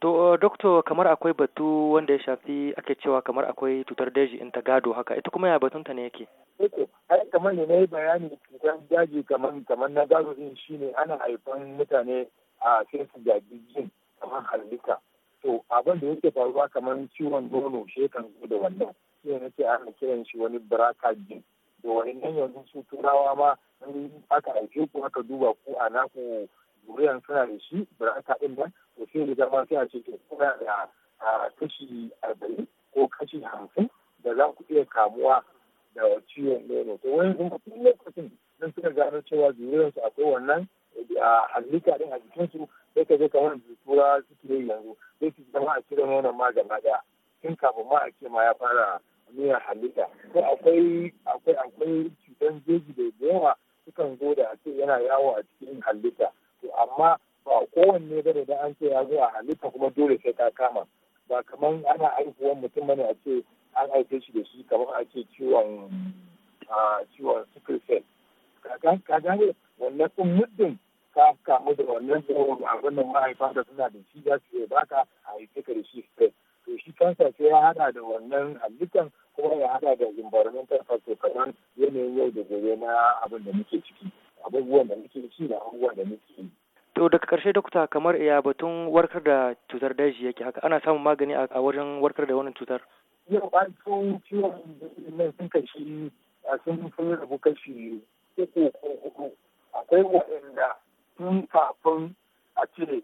To, doktor kamar akwai batu wanda ya shafi ake cewa kamar akwai cutar daji in ta gado haka, ita kuma ya batunta ne yake? Eke, ai kamar ne na yi bayani cutar daji kamar kamar na gado din shi ne ana haifan mutane a sai da jajijin kamar halitta. To, abin da yake faruwa kamar ciwon nono shekaru da wannan. sai na ce ana kiran shi wani braka to wa'annan yanzu su turawa ma in aka aike ku aka duba ku a naku zuriyan suna da shi birata ɗin nan to sai da zama sai a ce ke kuna da kashi arba'in ko kashi hamsin da za ku iya kamuwa da ciwon nono to wani kuma tun lokacin nan suka gano cewa su akwai wannan a halitta ɗin a su sai ka je kamar da tura suke yanzu sai su zama a cire nonon ma gaba ɗaya kin kafin ma a ma ya fara nuna halitta ko akwai akwai akwai cutar jeji da yawa sukan zo da ce yana yawo a cikin halitta to amma ba kowanne bane da an ce ya zo a halitta kuma dole sai ka kama ba kamar ana haihuwar mutum bane a ce an aike shi da shi kamar a ce ciwon ciwon sickle cell ka gane wannan kun muddin ka kamu da wannan abin nan mahaifa da suna da shi za su baka a yi ka da shi stress to shi kansa sai ya hada da wannan halittar kuma ya hada da environmental factor kamar yanayin yau da gobe na abin da muke ciki abubuwan da muke ci da abubuwan da muke yi To daga ƙarshe dokta kamar iya batun warkar da cutar daji yake haka ana samun magani a wajen warkar da wannan cutar. Yau ba su ciwon nan sun kashi a sun fi rabu kashi uku ko hudu akwai waɗanda tun kafin a cire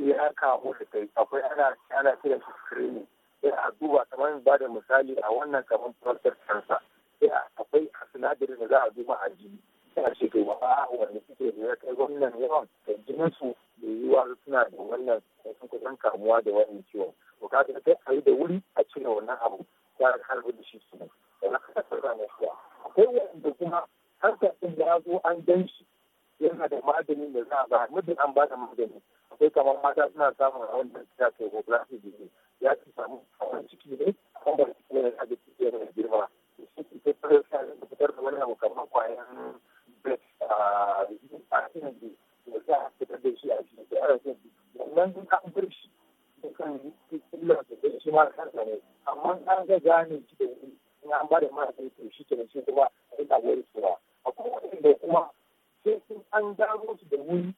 ya kamu da kai akwai ana ana kira shi screening sai a duba kamar ba da misali a wannan kamar prostate cancer sai akwai sinadarin da za a duba a jini sai a ce to ba wanda suke da ya kai wannan yawan da jinin su da yiwuwa suna da wannan sun kusan kamuwa da wannan ciwon to ka ga sai a yi da wuri a cire wannan abu ya harbi da shi ne da na kasa akwai wanda kuma harkar sun ya zo an gan shi yana da magani da za a ba muddin an ba da magani akwai kamar mata suna samun a wanda ta ke goblafi jiki ya ci samu kawai ciki ne kan ba kuma yana da ciki yana da girma shi ke fitar da fitar da wani abu kamar kwayan bet a ah, cikin jiki da sa a fitar da shi a cikin jiki a cikin jiki bar shi cikin da shi ma kansa ne amma an ga gane shi da wuri an ba da to shi ke da shi kuma a yi da akwai kuma sai sun an gano su da wuri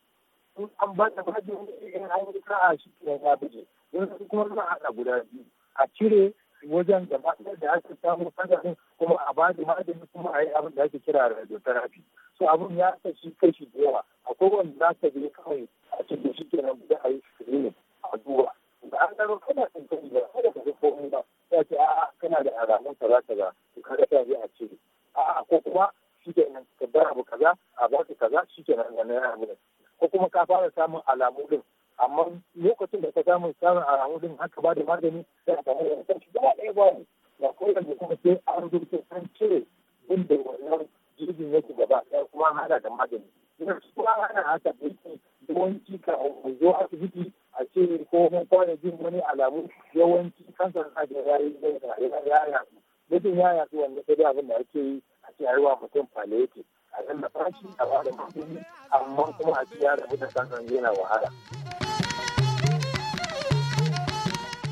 sun an ba da baji wani irin a yi ka'a shi kuma ya buje su kuma za haɗa guda biyu a cire wajen da da ake samun sadarin kuma a ba da magani kuma a yi abin da ake kira radiotherapy so abin ya kashi kashi da yawa akwai kowane za ka je kawai a cikin shi nan da a yi screening a duba da an gano kana sun kai da kada ka ga komai ba sai ce a'a kana da alamun kaza ga ka kada ka yi a cire a'a ko kuma shi ka bar abu kaza a ba kaza shi ke nan wannan abu ko kuma ka fara samun alamu din amma lokacin da ka samu samun alamu din haka ba da magani sai ka samu da shi gaba ɗaya ba ne ba ko kuma sai an rubuta an cire din da wannan jirgin yake gaba ɗaya kuma an hada da magani ina kuma ana haka da yake yawanci ka zo asibiti a ce ko mun kwana jin wani alamu yawanci kansar na da yayi da ya mutum ya yasu da abin da ake yi ake haihuwa mutum yake a kan da fashi a ba da mutum amma kuma a ciya da mutum sannan yana wahala.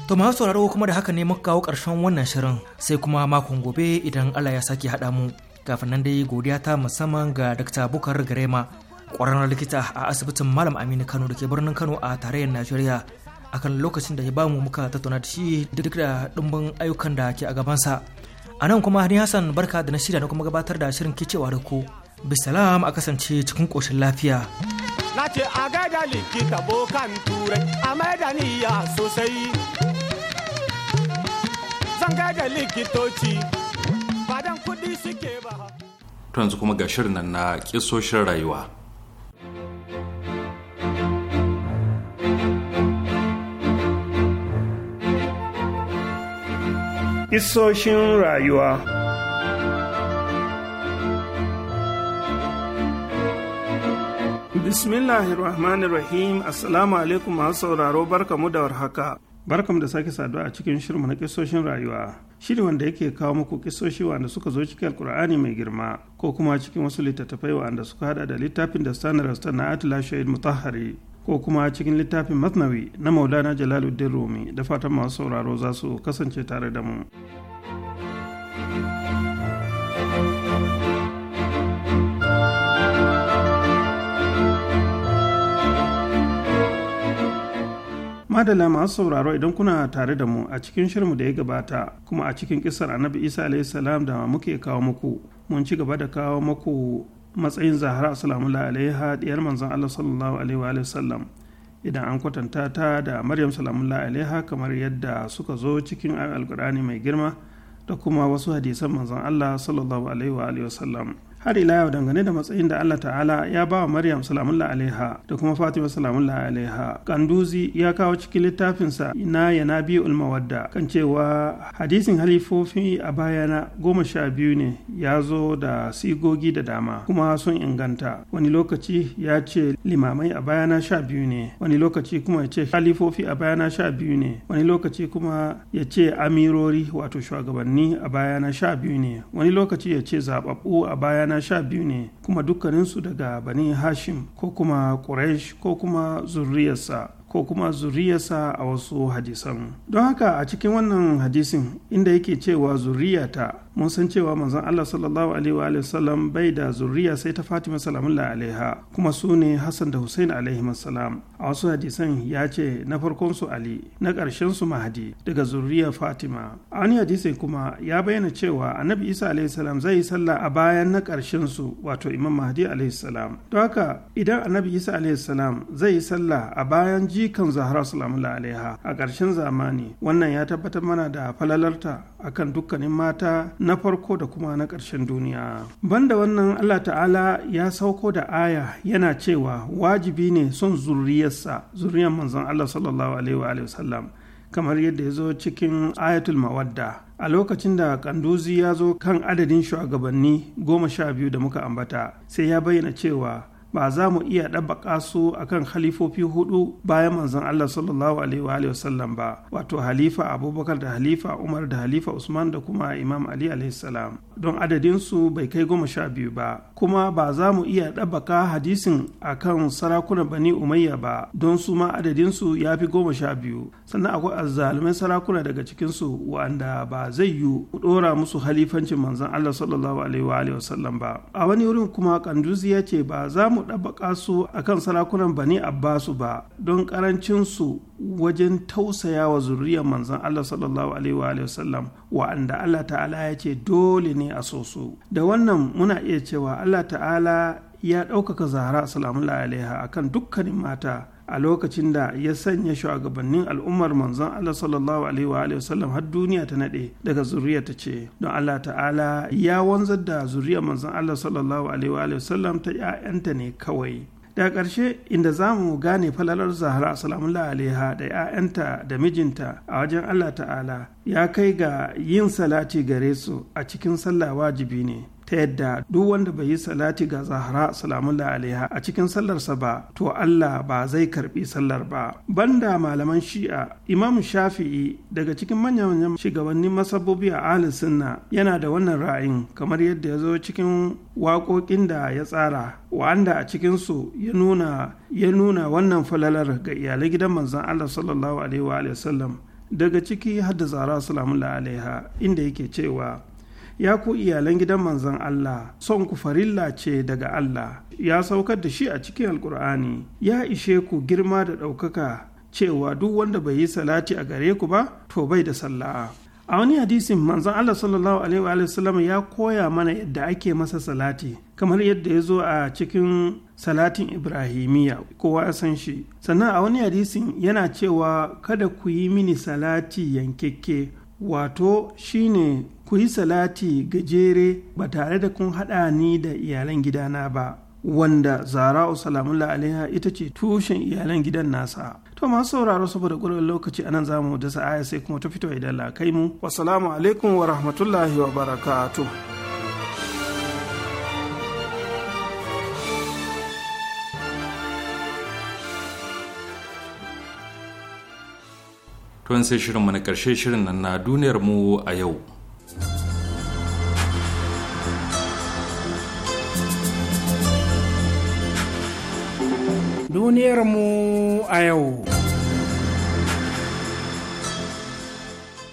To masu sauraro kuma da haka ne muka kawo ƙarshen wannan shirin sai kuma makon gobe idan Allah ya sake haɗa mu kafin nan dai godiya ta musamman ga Dr. Bukar Garema ƙwararren likita a asibitin Malam Aminu Kano da ke birnin Kano a tarayyar Najeriya akan lokacin da ya bamu muka tattauna da shi duk da ɗumbin ayyukan da ke a gabansa. a nan kuma ni hassan barka da na shirya na kuma gabatar da shirin kicewa da ku bisalam a kasance cikin koshin lafiya na ce a gaida likita bokan turai a maida niyya sosai zan gaida likitoci ba dan kuɗi suke ba to yanzu kuma ga shirin nan na kisoshin rayuwa Isoshin rayuwa Bismillahirrahmanirrahim Assalamu alaikum masu sauraro barkamu da warhaka. Barkamu da sake saduwa a cikin shirin na kisoshin rayuwa. shiri wanda yake kawo muku kisoshi wanda suka zo cikin alkur'ani mai girma ko kuma cikin wasu littattafai wanda suka hada da littafin da stanar rasta na atila shahid mutahari ko kuma cikin littafin masnawi na maulana jalaluddin rumi da fatan masu sauraro za su kasance tare da mu. madala masu sauraro idan kuna tare da mu a cikin shirinmu da ya gabata kuma a cikin kisar annabi isa salam da muke kawo muku mun ci gaba da kawo muku matsayin zahara salamullah alaiha diyar manzon allah sallallahu alaihi wa sallam idan an kwatanta ta da maryam salamullah alaiha kamar yadda suka zo cikin alkur'ani mai girma da kuma wasu hadisan manzon allah sallallahu alaihi wa sallam har ila yau dangane da matsayin da Allah ta'ala ya ba wa Maryam salamullah alaiha da kuma Fatima salamullah alaiha Kanduzi ya kawo cikin littafinsa Ina yana biyu ulmawadda kan cewa hadisin halifofi a bayana goma sha biyu ne ya zo da sigogi da dama kuma sun inganta wani lokaci ya ce limamai a bayana sha biyu ne wani lokaci kuma ya ce halifofi a bayana sha biyu ne wani lokaci kuma ya ce amirori wato shugabanni a bayana sha biyu ne wani lokaci ya ce zababbu a bayana ‘ya'yana sha biyu ne kuma dukkaninsu daga bani hashim ko kuma quraish ko kuma zurriyarsa ko kuma zuriyarsa a wasu hadisan don haka a cikin wannan hadisin inda yake cewa zuriyata mun san cewa manzon Allah sallallahu alaihi wa salam bai da zuriya sai ta Fatima sallallahu alaiha kuma su ne Hassan da Hussein alaihi salam a wasu hadisan ya ce na farkon su Ali na ƙarshen su Mahdi daga zuriyar Fatima a wani hadisin kuma ya bayyana cewa Annabi Isa alaihi salam zai yi sallah a bayan na ƙarshen su wato Imam Mahdi alaihi salam don haka idan Annabi Isa alaihi salam zai yi sallah a bayan ji jikan zahra salamu alaiha a ƙarshen zamani wannan ya tabbatar mana da falalarta akan dukkanin mata na farko da kuma na ƙarshen duniya banda wannan allah ta'ala ya sauko da aya yana cewa wajibi ne son zuriyarsa zuriyar manzon allah sallallahu alaihi wa sallam kamar yadda ya zo cikin ayatul mawadda a lokacin da kanduzi ya zo kan adadin shugabanni goma sha biyu da muka ambata sai ya bayyana cewa ba za mu iya ɗabbaƙa su akan halifofi hudu bayan manzon Allah sallallahu alaihi wa sallam ba wato halifa abubakar da halifa umar da halifa usman da kuma imam ali alaihi salam don adadinsu bai kai goma sha biyu ba kuma ba za mu iya ɗabbaƙa hadisin akan sarakuna bani umayya ba don su ma adadinsu ya fi goma sha biyu sannan akwai azzalumai sarakuna daga cikinsu, wanda ba zai yiwu ɗora musu halifancin manzon Allah sallallahu alaihi wa sallam ba a wani wurin kuma kanduzi ya ce ba za mu mu ɗabbaƙa su a kan sarakunan bani abbasu ba don ƙarancinsu wajen tausaya wa zuriyar manzan Allah sallallahu alaihi wa sallam wa'anda Allah ta'ala ya ce dole ne a soso da wannan muna iya cewa Allah ta'ala ya ɗaukaka zahra salamu alaiha akan dukkanin mata a lokacin da ya sanya shugabannin al'ummar manzon Allah sallallahu alaihi wa wasallam har duniya ta nade daga zuriya ta ce don Allah ta'ala ya wanzar da zuriyar manzon Allah sallallahu alaihi wa wasallam ta 'ya'yanta ne kawai da ƙarshe inda za mu gane falalar zahra salamullah alaiha da 'ya'yanta da mijinta a wajen allah ta'ala ya kai ga yin salati gare su a cikin sallah wajibi ne ta yadda duk wanda bai yi salati ga zahra salamullah alaiha a cikin sallarsa ba to Allah ba zai karbi sallar ba banda malaman shi'a imam shafi'i daga cikin manyan shugabannin masabobi a ahli sunna yana da wannan ra'ayin kamar yadda ya zo cikin waƙoƙin da ya tsara wa'anda a cikin su ya nuna ya nuna wannan falalar ga iyalai gidan manzon Allah sallallahu alaihi wa sallam daga ciki hadda zara salamun alaiha inda yake cewa ya ku iyalan gidan manzon Allah son ku farilla ce daga Allah ya saukar da shi a cikin alkur'ani ya ishe ku girma da ɗaukaka cewa duk wanda bai yi salati a gare ku ba to bai da sallah a wani hadisin manzon Allah sallallahu alaihi wa sallam ya koya mana yadda ake masa salati kamar yadda ya zo a cikin salatin ibrahimiya kowa ya san shi sannan a wani hadisin yana cewa kada ku yi mini salati yankekke wato shine ku yi salati gajere ba tare da kun haɗa ni da iyalan gidana ba wanda zara'u salamullah alaiha ita ce tushen iyalan gidan nasa to masu sauraro saboda gurin lokaci anan za mu dasa aya sai kuma ta fito idan la kai mu wasalamu alaikum wa rahmatullahi wa barakatuh Tun sai shirin mana ƙarshe shirin nan na duniyar mu a yau duniyar mu a yau.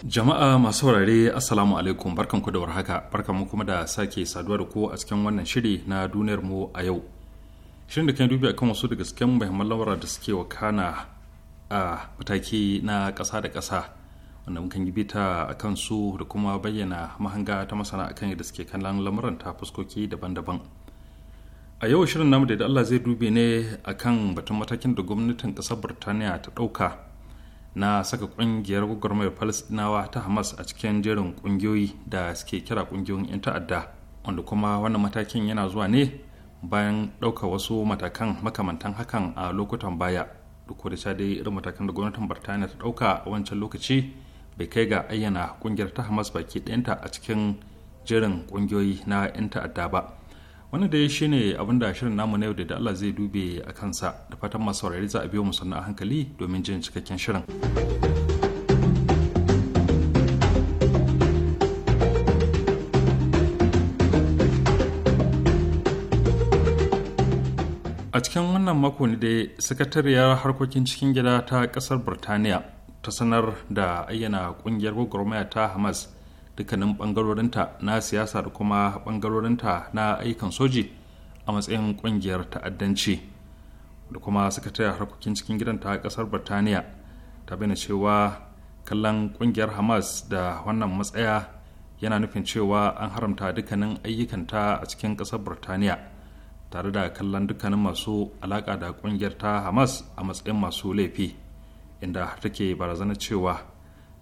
Jama'a masu saurare Assalamu alaikum barkanku da warhaka barkanku kuma da sake saduwa da ku a cikin wannan shiri na duniyar mu a yau. Shirin da kan dubi akan wasu daga cikin muhimman lamura da suke wakana a mataki na ƙasa da kasa wanda mukan yi bita a kan su da kuma bayyana mahanga ta masana akan yadda suke kan lamuran ta fuskoki daban-daban. a yau shirin namu da Allah zai dube ne a kan batun matakin da gwamnatin ƙasar burtaniya ta ɗauka na saka ƙungiyar gwagwarmayar Falasdinawa ta hamas a cikin jerin ƙungiyoyi da suke kira ƙungiyoyin 'yan ta'adda wanda kuma wannan matakin yana zuwa ne bayan ɗauka wasu matakan makamantan hakan a lokutan baya duk da sha dai irin matakan da gwamnatin burtaniya ta ɗauka a wancan lokaci bai kai ga ayyana ƙungiyar ta hamas baki ɗayanta a cikin jerin ƙungiyoyi na 'yan ta'adda ba wani da dai shine abin da shirin namu na yau da Allah zai dube a kansa da fatan masu saurari za a biyo mu a hankali domin jin cikakken shirin a cikin wannan mako ne dai sakatariyar harkokin cikin gida ta kasar birtaniya ta sanar da ayyana kungiyar gwagwarmaya ta hamas dukkanin bangarorinta na siyasa da kuma bangarorinta na ayyukan soji a matsayin kungiyar ta'addanci da kuma suka taya harkokin cikin gidan ta kasar birtaniya ta bayyana cewa kallon kungiyar hamas da wannan matsaya yana nufin cewa an haramta dukkanin ayyukanta a cikin kasar birtaniya tare da kallon dukkanin masu alaka da kungiyar ta hamas a matsayin masu laifi inda take barazana cewa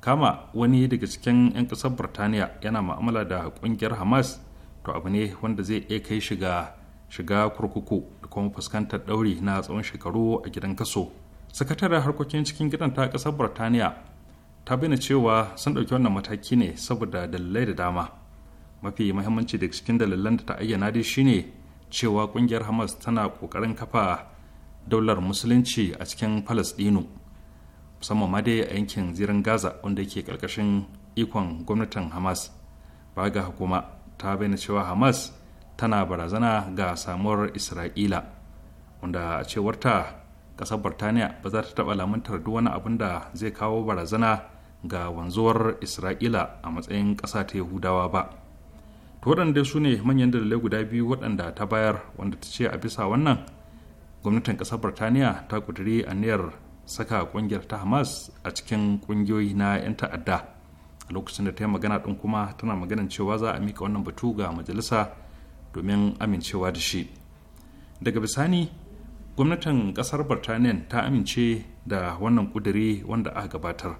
kama wani daga cikin 'yan ƙasar birtaniya yana ma'amala da ƙungiyar hamas to abu ne wanda zai iya kai shiga shiga kurkuku da kuma fuskantar ɗauri na tsawon shekaru a gidan kaso sakataren harkokin cikin gidan ta ƙasar birtaniya ta bayyana cewa sun ɗauki wannan mataki ne saboda dalilai da dama mafi mahimmanci daga cikin dalilan da ta ayyana dai shine cewa ƙungiyar hamas tana ƙoƙarin kafa daular musulunci a cikin falasɗinu musamman ma dai a yankin zirin gaza wanda ke karkashin ikon gwamnatin hamas ba ga hukuma ta bayyana cewa hamas tana barazana ga samuwar isra'ila wanda a cewarta kasar birtaniya ba za ta taɓa lamuntar duk wani abin da zai kawo barazana ga wanzuwar isra'ila a matsayin ƙasa ta yahudawa ba to waɗanda su ne manyan dalilai guda biyu waɗanda ta bayar wanda ta ce a bisa wannan gwamnatin ƙasar birtaniya ta ƙudiri aniyar saka kungiyar ta hamas a cikin kungiyoyi na 'yan ta'adda a lokacin da ta yi magana ɗin kuma tana magana cewa za a mika wannan batu ga majalisa domin amincewa da shi daga bisani gwamnatin ƙasar birtaniya ta amince da wannan ƙuduri wanda aka gabatar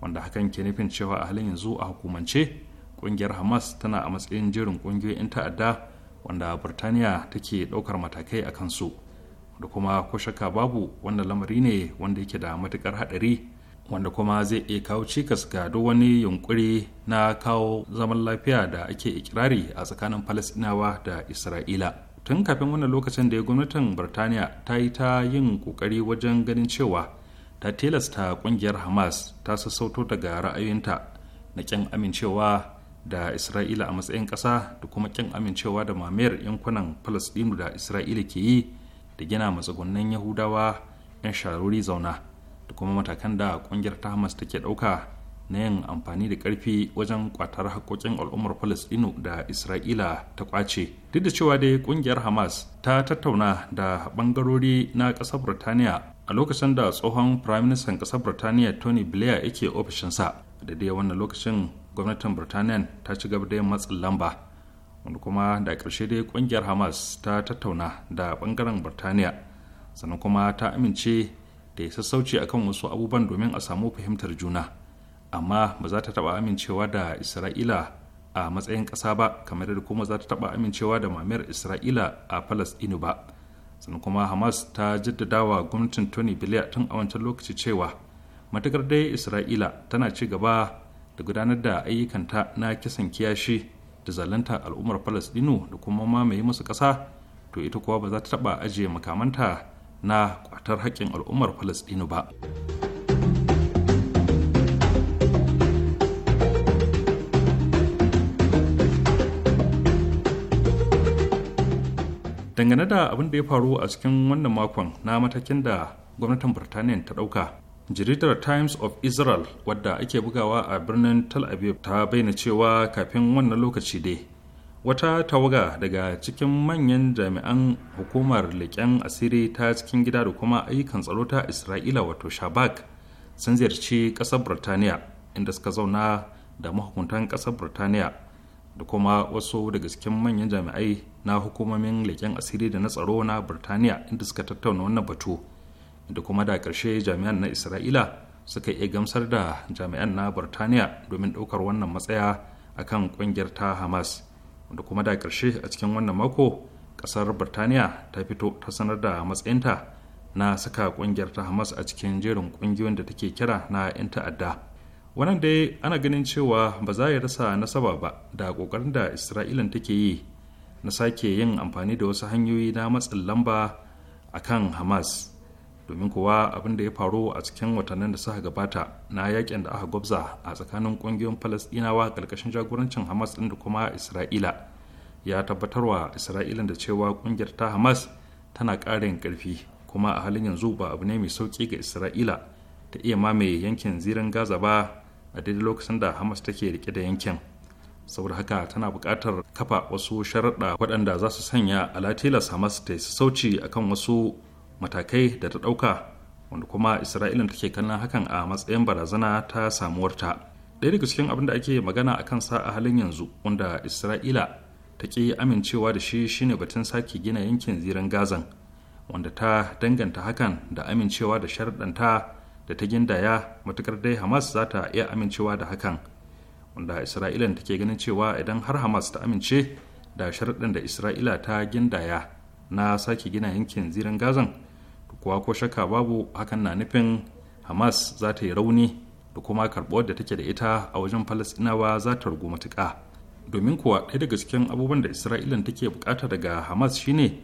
wanda hakan ke nufin cewa a halin yanzu a hukumance ƙungiyar hamas tana a matsayin jerin ƙungiyoyin ta'adda wanda birtaniya take ɗaukar matakai a kansu da kuma ko babu wanda lamari ne wanda yake da matukar hadari wanda kuma zai iya kawo cikas ga duk wani yunkuri na kawo zaman lafiya da ake ikirari a tsakanin falasinawa da isra'ila tun kafin wannan lokacin da ya gwamnatin birtaniya ta yi ta yin kokari wajen ganin cewa ta tilasta kungiyar hamas ta sassauto daga ra'ayinta na kyan amincewa da isra'ila a matsayin kasa da kuma kyan amincewa da mamayar yankunan falasɗinu da isra'ila ke yi da gina matsugunan yahudawa 'yan sharori zauna da kuma matakan da kungiyar ta hamas take dauka na yin amfani da karfi wajen kwatar haƙoƙin al'ummar palestino da isra'ila ta kwace duk da cewa dai kungiyar hamas ta tattauna da bangarori na ƙasar birtaniya a lokacin da tsohon firaministan ƙasar birtaniya tony blair yake ofishinsa da dai wannan lokacin gwamnatin birtaniya ta ci gaba da yin matsin lamba wanda kuma da ƙarshe dai ƙungiyar hamas ta tattauna da ɓangaren birtaniya sannan kuma ta amince da ya sassauci akan wasu abubuwan domin a samu fahimtar juna amma ba za ta taɓa amincewa da isra'ila a matsayin ƙasa ba kamar da kuma za ta taɓa amincewa da mamayar isra'ila a falasɗinu ba sannan kuma hamas ta jaddada wa gwamnatin tony blair tun a wancan lokaci cewa matakar dai isra'ila tana ci gaba da gudanar da ayyukanta na kisan kiyashi da zalunta al'ummar falastinu da kuma mamaye musu ƙasa to ita kuwa ba za ta taɓa ajiye makamanta na kwatar haƙƙin al'ummar falastinu ba dangane da abin da ya faru a cikin wannan makon na matakin da gwamnatin birtaniya ta ɗauka jaridar times of israel wadda ake bugawa a birnin tel aviv ta bayyana cewa kafin wannan lokaci dai wata tawaga daga cikin manyan jami'an hukumar leƙen asiri ta cikin gida da kuma ayyukan tsaro ta isra'ila wato shabak sun ziyarci ƙasar birtaniya inda suka zauna da mahukuntan ƙasar birtaniya da kuma wasu daga cikin manyan jami'ai na hukumomin leƙen asiri da na tsaro na birtaniya inda suka tattauna wannan batu da kuma da ƙarshe jami'an na isra'ila suka iya gamsar da jami'an na burtaniya domin ɗaukar wannan matsaya a kan ƙungiyar ta hamas da kuma da karshe a cikin wannan mako ƙasar burtaniya ta fito ta sanar da matsayinta na saka ƙungiyar ta hamas a cikin jerin ƙungiyoyin da take kira na 'yan ta'adda wannan dai ana ganin cewa ba za ya rasa nasaba ba da kokarin da isra'ilan take yi na sake yin amfani da wasu hanyoyi na matsin lamba a kan hamas domin kuwa abin da ya faru a cikin watannin da suka gabata na yakin da aka gwabza a tsakanin kungiyoyin falasdinawa karkashin jagorancin hamas din da kuma isra'ila ya tabbatarwa isra'ilan da cewa kungiyar ta hamas tana karin karfi kuma a halin yanzu ba abu ne mai sauki ga isra'ila ta iya mamaye yankin zirin gaza ba a daidai lokacin da hamas take rike da yankin saboda haka tana buƙatar kafa wasu sharaɗa waɗanda za su sanya alatilas hamas ta sauci akan wasu matakai da ta ɗauka wanda kuma isra'ilin take kallon hakan a matsayin barazana ta samuwarta ɗaya daga cikin abin da ake magana a kansa a halin yanzu wanda isra'ila ta ƙi amincewa da shi shine batun sake gina yankin ziran gazan wanda ta danganta hakan da amincewa da sharɗanta da ta gindaya matukar dai hamas za ta iya amincewa da hakan wanda isra'ila ta ke ganin cewa idan har hamas ta amince da sharɗin da isra'ila ta gindaya na sake gina yankin ziran gazan kuwa ko shakka babu hakan na nufin hamas za ta yi rauni da kuma karbuwar da take da ita a wajen falasɗinawa za ta rugu matuka, domin kuwa ɗaya daga cikin abubuwan da isra'ilan take bukata daga hamas shine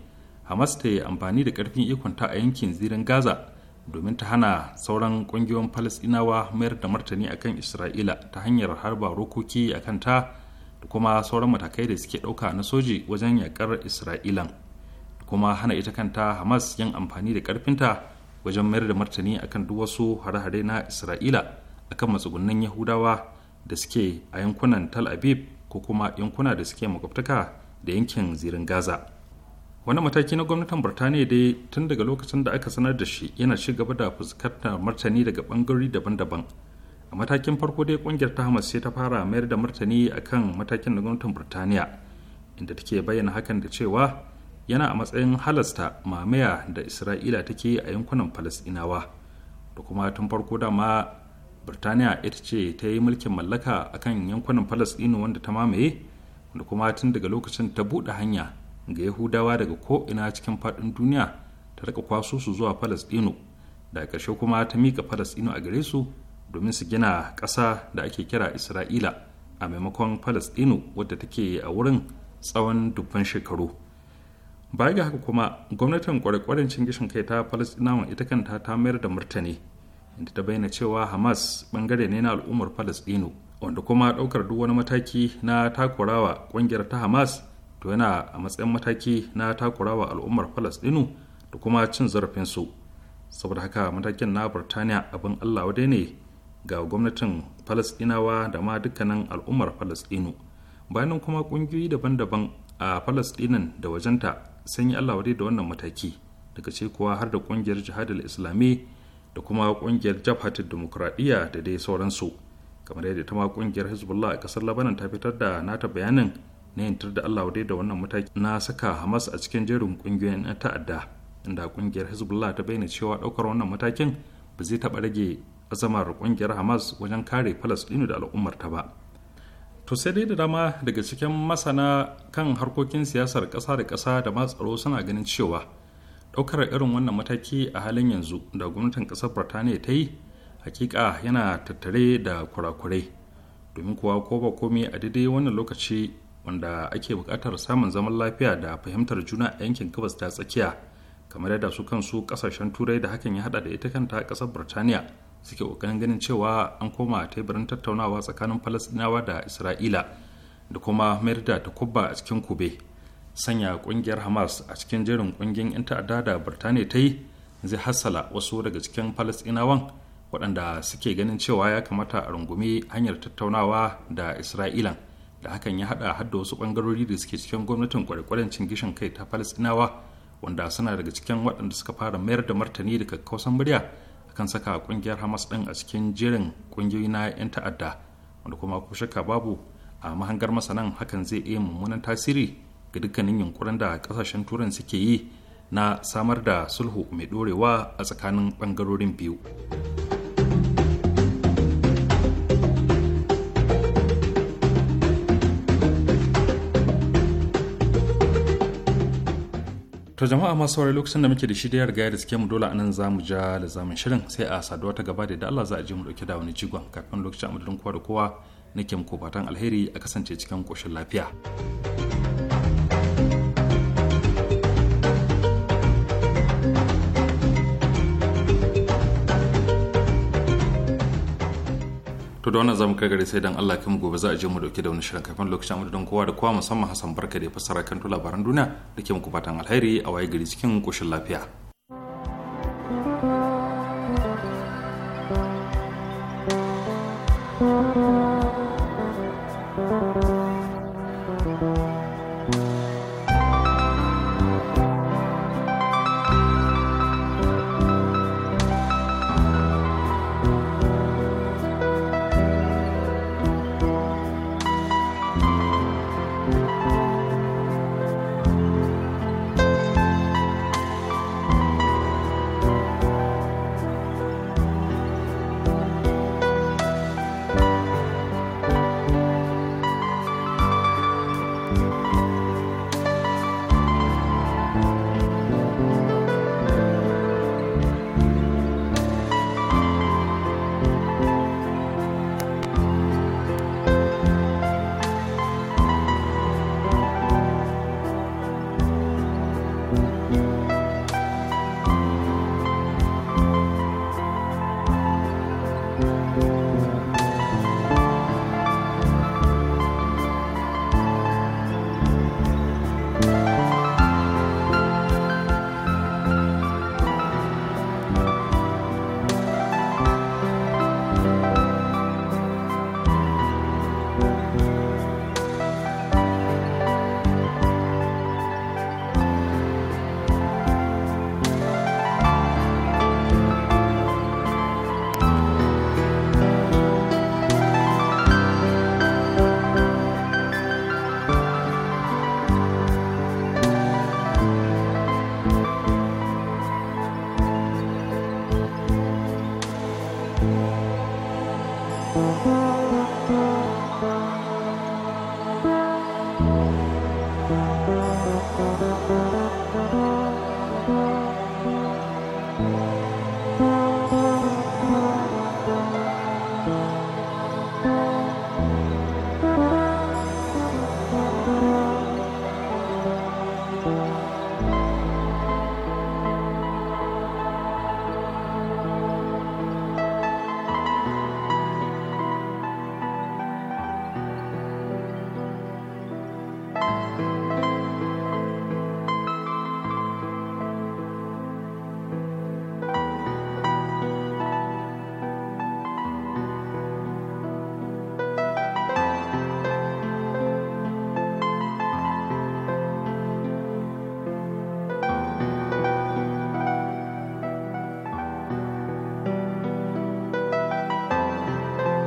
hamas ta yi amfani da ƙarfin ikonta a yankin zirin gaza domin ta hana sauran ƙungiyoyin falasɗinawa mayar da martani akan isra'ila ta hanyar harba rokoki akan ta da kuma sauran matakai da suke ɗauka na soji wajen yakar isra'ilan kuma hana ita kanta hamas yin amfani da karfinta wajen mayar da martani akan duk wasu hare-hare na isra'ila akan matsugunan yahudawa da suke a yankunan tal aviv ko kuma yankuna da suke makwabtaka da yankin zirin gaza wani mataki na gwamnatin burtaniya dai tun daga lokacin da aka sanar da shi yana ci gaba da fuskantar martani daga bangarori daban-daban a matakin farko dai kungiyar ta hamas sai ta fara mayar da martani akan matakin na gwamnatin burtaniya inda take bayyana hakan da cewa yana a matsayin halasta mamaya da isra'ila take a yankunan falasɗinawa da kuma tun farko dama birtaniya ita ce ta yi mulkin mallaka akan yankunan falasɗinu wanda ta mamaye da kuma tun daga lokacin ta buɗe hanya ga yahudawa daga ko ina cikin faɗin duniya ta rika kwaso su zuwa falasɗinu da ƙarshe kuma ta miƙa falasɗinu a gare su domin su gina ƙasa da ake kira isra'ila a maimakon falasɗinu wadda take a wurin tsawon dubban shekaru baya ga haka kuma gwamnatin cin gishin kai ta falasɗinawa ita kanta ta mayar da murtani inda ta bayyana cewa hamas bangare ne na al'ummar falasɗinu wanda kuma ɗaukar duk wani mataki na takurawa ƙungiyar ta hamas to yana a matsayin mataki na takurawa al'ummar falasɗinu da kuma cin zarafinsu saboda haka matakin na burtaniya abin allah wadai ne ga gwamnatin falasɗinawa da ma dukkanin al'ummar falasɗinu bayanan kuma ƙungiyoyi daban-daban a falasɗinan da wajenta sun yi allah da wannan mataki daga ce kuwa har da kungiyar jihadar islami da kuma kungiyar jabhatul demokradiyya da dai sauransu kamar yadda ta ma kungiyar hezbollah a kasar labanan ta fitar da nata bayanin na yantar da allah da wannan mataki na saka hamas a cikin jerin kungiyoyin na ta'adda inda kungiyar hezbollah ta bayyana cewa daukar wannan matakin ba zai taɓa rage azamar kungiyar hamas wajen kare falastinu da ta ba to sai dai da dama daga cikin masana kan harkokin siyasar ƙasa da ƙasa da ma tsaro suna ganin cewa ɗaukar irin wannan mataki a halin yanzu da gwamnatin ƙasar birtaniya ta yi hakika yana tattare da kurakurai domin kuwa ko ba komai a daidai wannan lokaci wanda ake bukatar samun zaman lafiya da fahimtar juna a yankin gabas ta tsakiya kamar yadda su kansu ƙasashen turai da hakan ya haɗa da ita kanta ƙasar birtaniya suke kokarin ganin cewa an koma teburin tattaunawa tsakanin falasɗinawa da isra'ila da kuma mayar da takubba a cikin kube sanya kungiyar hamas a cikin jerin kungiyar 'yan ta'adda da birtaniya ta yi zai hassala wasu daga cikin falasɗinawan waɗanda suke ganin cewa ya kamata a rungumi hanyar tattaunawa da isra'ilan da hakan ya haɗa hadda wasu bangarori da suke cikin gwamnatin kwarekwarancin gishin kai ta falasdinawa wanda suna daga cikin waɗanda suka fara mayar da martani daga kakkausan murya akan saka kungiyar hamas din a cikin jerin kungiyoyi na 'yan ta'adda wanda kuma ko shakka babu a mahangar masanan hakan zai iya mummunan tasiri ga dukkanin yunkurin da kasashen turan suke yi na samar da sulhu mai dorewa a tsakanin bangarorin biyu. to jama'a masu saurari lokacin da muke da shi da gaya da suke mu dole anan za mu ja da zamun shirin sai a saduwa ta gaba da da Allah za a je mu dauke da wani jigon kafin lokacin amadadin kowa da kowa nake muku fatan alheri a kasance cikin koshin lafiya. to da wannan zamu kai gare sai dan Allah kai mu gobe za a je mu dauke da wani shirin kafin lokacin mu don kowa da kowa musamman Hassan Barka da ya fassara kan labaran duniya da ke muku fatan alheri a waye gari cikin koshin lafiya Thank you.